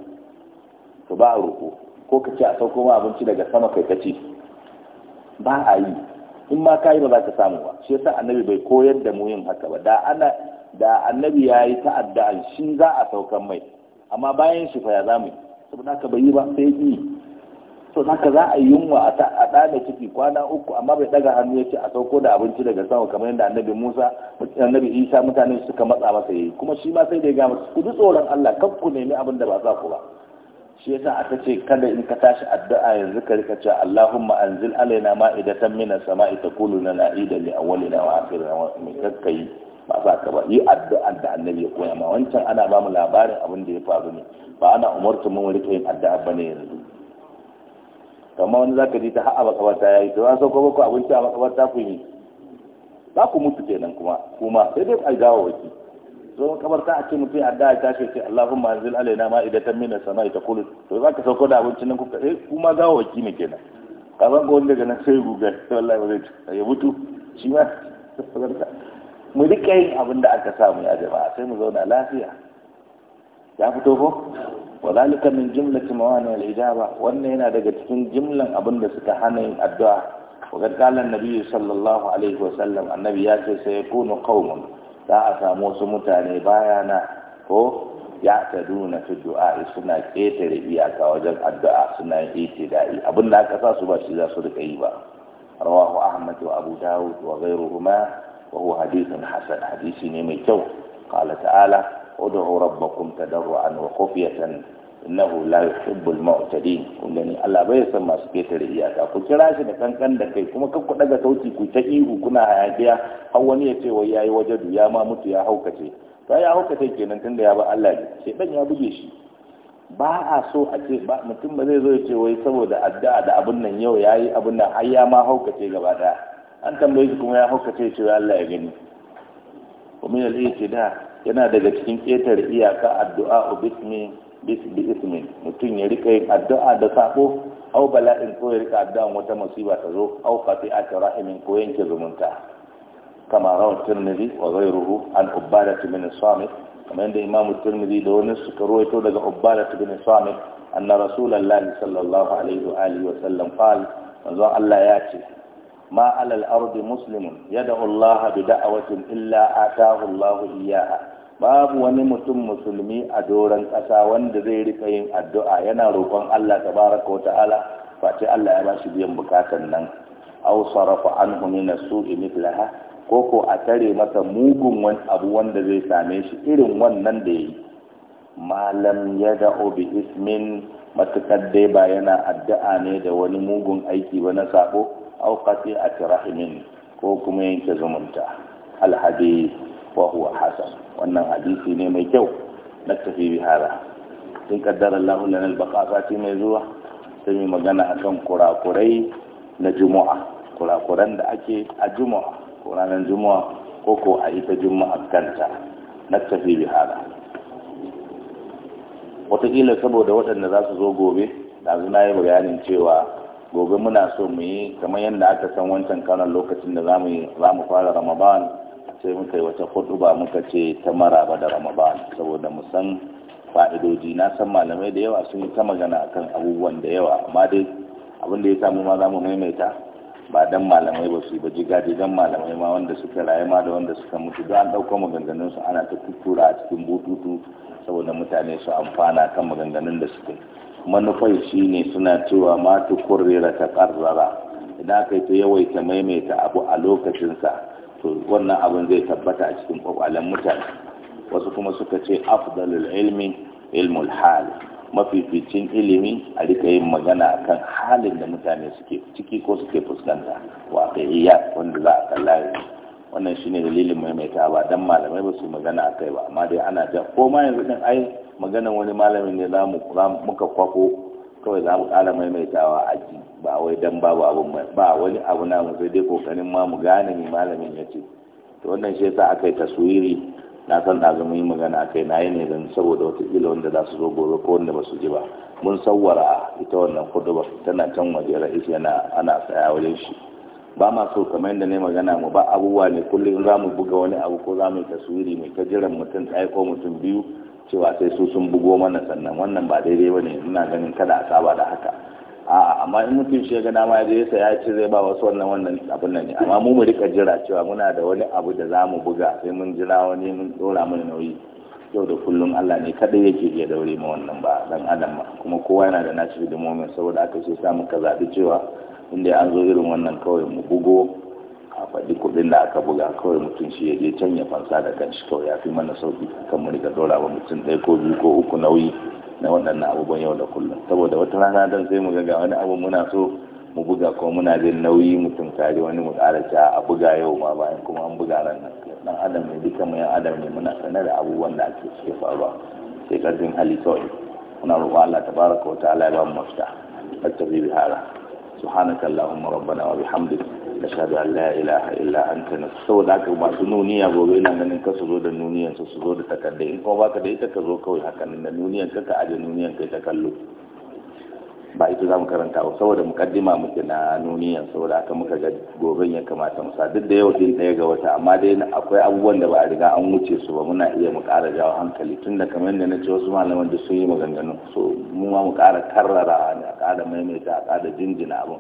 to ba a roƙo ko ka ce a sauko ma abinci daga sama kai ka ce ba a yi in ma ka yi ba za ka samu ba shi yasa annabi bai koyar da mu yin haka ba da ana da annabi ya yi ta'adda shi za a saukan mai amma bayan shi fa ya zamu saboda ka bai yi ba sai yi to haka za a yi yunwa a ɗana ciki kwana uku amma bai ɗaga hannu ya ce a sauko da abinci daga sama kamar yadda annabi musa annabi isa mutane suka matsa masa yi. kuma shi ma sai da ya gama ku tsoron allah kan ku nemi abin da ba za ku ba shi yasa aka ce kada in ka tashi addu'a yanzu ka rika cewa allahumma anzil alaina ma'idatan minas sama'i takulu lana a'idan li awwalina wa akhirina wa min kakkayi ba za ka ba yi addu'ar da annabi ya koya ma wancan ana ba mu labarin abin da ya faru ne ba ana umarta mun rika yin addu'a ba ne yanzu kamar wani zaka ji ta ha'a makabarta yayi to an sauko muku abinci a makabarta ku yi za ku mutu kenan kuma kuma sai dai ai gawo waki to makabarta a ce mutum addu'a ta ce Allahumma anzil alaina ma'idatan as sama'i taqulu to ka sauko da abincin nan kuka eh kuma gawo waki ne kenan kazan ko wanda daga nan sai gugar wallahi ba zai ya mutu shi ma mu rika yin abin da aka samu ya jama'a sai mu zauna lafiya ya fito ko wadalika min jimlati mawani wal ijaba wannan yana daga cikin jimlan abin da suka hana yin addu'a wa kad nabiyyi sallallahu alaihi wa sallam annabi ya ce sai yakunu qaumun za a samu wasu mutane bayana ko ya ta duna fi du'a suna ketare iyaka wajen addu'a suna yin itida'i abin da aka sa su ba shi za su rika yi ba rawahu ahmad wa abu dawud wa ghayruhuma وهو حديث حسن حديث نيمي كو قال تعالى ادعوا ربكم تضرعا وخفية إنه لا يحب المعتدين kun gani Allah bai san masu ketare iyaka ku kira shi da kankan da kai kuma kanku daga sauti ku ta ihu kuna hayakiya har wani ya ce wai yayi wajadu ya ma mutu ya haukace to ya haukace kenan tunda ya ba Allah ne sai ya buge shi ba a so a ce mutum ba zai zo ya ce wai saboda addu'a da abin nan yau yayi abin nan har ya ma haukace gaba daya an tambaye shi kuma ya haukace cewa Allah ya gani wa min ce da yana daga cikin ketar iyaka addu'a bismi bi ismi mutum ya rika yin addu'a da sabo au bala'in ko ya rika addu'a wata musiba ta zo au qati'at rahimin ko yanke zumunta kama rawar tirmidhi wa ruhu an ubbadatu min samit kamar yadda imam tirmidhi da wani suka ruwaito daga ubbadatu min samit anna rasulallah sallallahu alaihi wa sallam fal manzo Allah ya ce ma alal ardi muslimun yad'u Allah bi illa atahu Allah babu wani mutum musulmi a doron ƙasa wanda zai rika yin addu'a yana roƙon Allah tabaraka wa ta'ala face Allah ya bashi biyan bukatan nan aw sarafa anhu min sui mithlaha ko ko a tare masa mugun wani abu wanda zai same shi irin wannan da yayi malam yada'u bi ismin matakar dai ba yana addu'a ne da wani mugun aiki ba na sako aw qati'ati rahimin ko kuma yanke zumunta al wa huwa hasan wannan hadisi ne mai kyau na tafi bihara tun kaddara Allah lana al mai zuwa sai mu magana akan kurakurai na juma'a kurakuran da ake a juma'a ko ranar juma'a ko ko a ita juma'a kanta na tafi bihara wataƙila saboda waɗanda za su zo gobe da na yi bayanin cewa gobe muna so mu yi kamar yadda aka san wancan kanan lokacin da za mu fara ramadan sai muka yi wata ba muka ce ta maraba da ramadan saboda mu san fa'idoji na san malamai da yawa sun yi ta magana akan abubuwan da yawa amma dai abin da ya samu ma za mu maimaita ba dan malamai ba su yi ba dan malamai ma wanda suka rayu ma da wanda suka mutu don an ɗauko maganganun su ana ta tuttura a cikin bututu saboda mutane su amfana kan maganganun da suke manufai shine suna cewa ma tukurrira ta karrara idan aka yi ta yawaita maimaita abu a lokacinsa to wannan abin zai tabbata a cikin kwakwalen mutane wasu kuma suka ce afdalul ilmi ilmul hal. mafificin ilimi a rika yin magana kan halin da mutane suke ciki ko suke fuskanta wa iya wanda za a kalla wannan shine dalilin maimaita ba dan malamai ba su magana kai ba amma dai ana jan ko ma yanzu din ai maganan wani malamin ne mu muka kwako kawai za mu kala maimaitawa a ji ba wai dan babu abun ba wani abu na mu sai dai kokarin ma mu gane ni malamin ya ce to wannan shi yasa aka yi taswiri na san da yi magana a kai na yi ne don saboda wata ila wanda za su zo gobe ko wanda ba su ji ba mun sawara ita wannan kudubar tana can waje ra'is yana ana tsaya wajen shi ba ma so kamar yadda ne magana mu ba abubuwa ne kullum za mu buga wani abu ko za mu yi taswiri mai ta jiran mutum ɗaya ko mutum biyu cewa sai su sun bugo mana sannan wannan ba daidai ba ne ina ganin kada a saba da haka a'a amma in mutum shi ga nama ya je ya ce zai ba wasu wannan wannan abin nan ne amma mu mu rika jira cewa muna da wani abu da zamu buga sai mun jira wani mun dora mana nauyi yau da kullum Allah ne kada yake iya daure ma wannan ba dan adam ba kuma kowa yana da nashi mumin saboda aka ce sa muka zabi cewa inda an zo irin wannan kawai mu bugo a faɗi kuɗin da aka buga kawai mutum shi ya je can ya fansa da kanshi kawai ya fi mana sauki kan mu rika dora wa mutum ɗaya ko biyu ko uku nauyi na waɗannan abubuwan yau da kullum saboda wata rana don sai mu ga wani abu muna so mu buga ko muna jin nauyi mu kare wani mu ƙara a buga yau ma bayan kuma an buga ran nan dan adam ne duka mu yan adam ne muna sane da abubuwan da ake suke faruwa sai karfin hali kawai muna roƙon Allah tabaraka wa ta'ala ya ba mu mafita tattabi bihara suhana kalla rabbana wa bihamdika nashhadu da la ilaha illa anta saboda haka masu nuniya gobe ina ganin ka su zo da nuniyan su zo da takarda in kuma baka da ita ka zo kawai haka nan da nuniyan ka ka aje nuniyan kai ta kallo ba ita za mu karanta ba saboda mukaddima muke na nuniyan saboda aka muka ga gobe ya kamata musa duk da yau din daya ga wata amma dai akwai abubuwan da ba a riga an wuce su ba muna iya mu ƙara jawo hankali tun da kamar yadda na ce wasu malaman da sun yi maganganu so mu ma mu ƙara karrara ne a ƙara maimaita a ƙara jinjina abin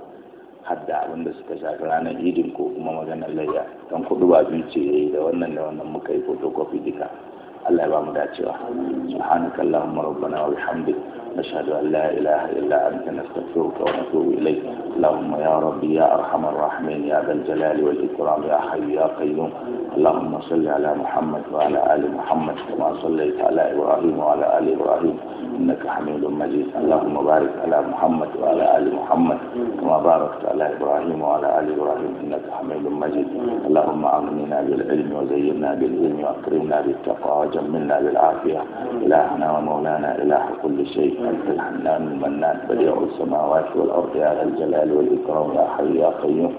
hadda abin da suka shafi ranar idin ko kuma maganar layya kan kudu ba biyu ce yi da wannan da wannan muka yi photocopy duka Allah ya ba mu dacewa subhanakallahumma rabbana wa bihamdika نشهد أن لا إله إلا أنت نستغفرك ونتوب إليك اللهم يا ربي يا أرحم الراحمين يا ذا الجلال والإكرام يا حي يا قيوم اللهم صل على محمد وعلى آل محمد كما صليت على إبراهيم وعلى آل إبراهيم إنك حميد مجيد اللهم بارك على محمد وعلى آل محمد كما باركت على إبراهيم وعلى آل إبراهيم إنك حميد مجيد اللهم أغننا بالعلم وزينا بالعلم وأكرمنا بالتقوى وجملنا بالعافية إلهنا ومولانا إله كل شيء الحنان المنان بديع السماوات والأرض يا ذا الجلال والإكرام يا حي يا قيوم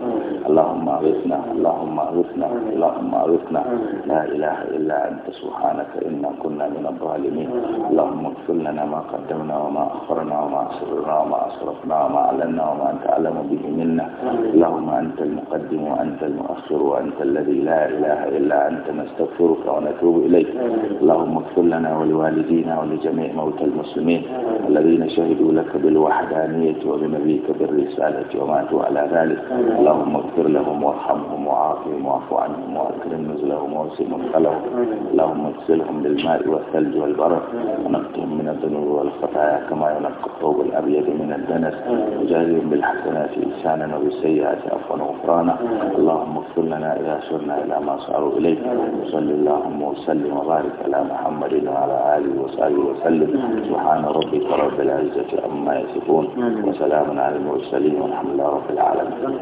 اللهم اغثنا اللهم اغثنا اللهم اغثنا لا إله إلا أنت سبحانك إنا كنا من الظالمين اللهم اغفر لنا ما قدمنا وما أخرنا وما أسررنا وما أسرفنا وما أعلنا وما أنت أعلم به منا اللهم أنت المقدم وأنت المؤخر وأنت الذي لا إله إلا أنت نستغفرك ونتوب إليك اللهم اغفر لنا ولوالدينا ولجميع موتى المسلمين الذين شهدوا لك بالوحدانية وبنبيك بالرسالة وماتوا على ذلك اللهم اغفر لهم وارحمهم وعافهم واعف عنهم واكرم نزلهم واوسع مدخلهم اللهم اغسلهم بالماء والثلج والبرد ونقهم من الذنوب والخطايا كما ينقى الثوب الابيض من الدنس وجازهم بالحسنات انسانا وبالسيئات عفوا وغفرانا اللهم اغفر لنا اذا سرنا الى ما صاروا اليه وصل اللهم وسلم وبارك على محمد وعلى اله وصحبه وسلم سبحان ربك رب العزة عما يصفون وسلام على المرسلين والحمد لله رب العالمين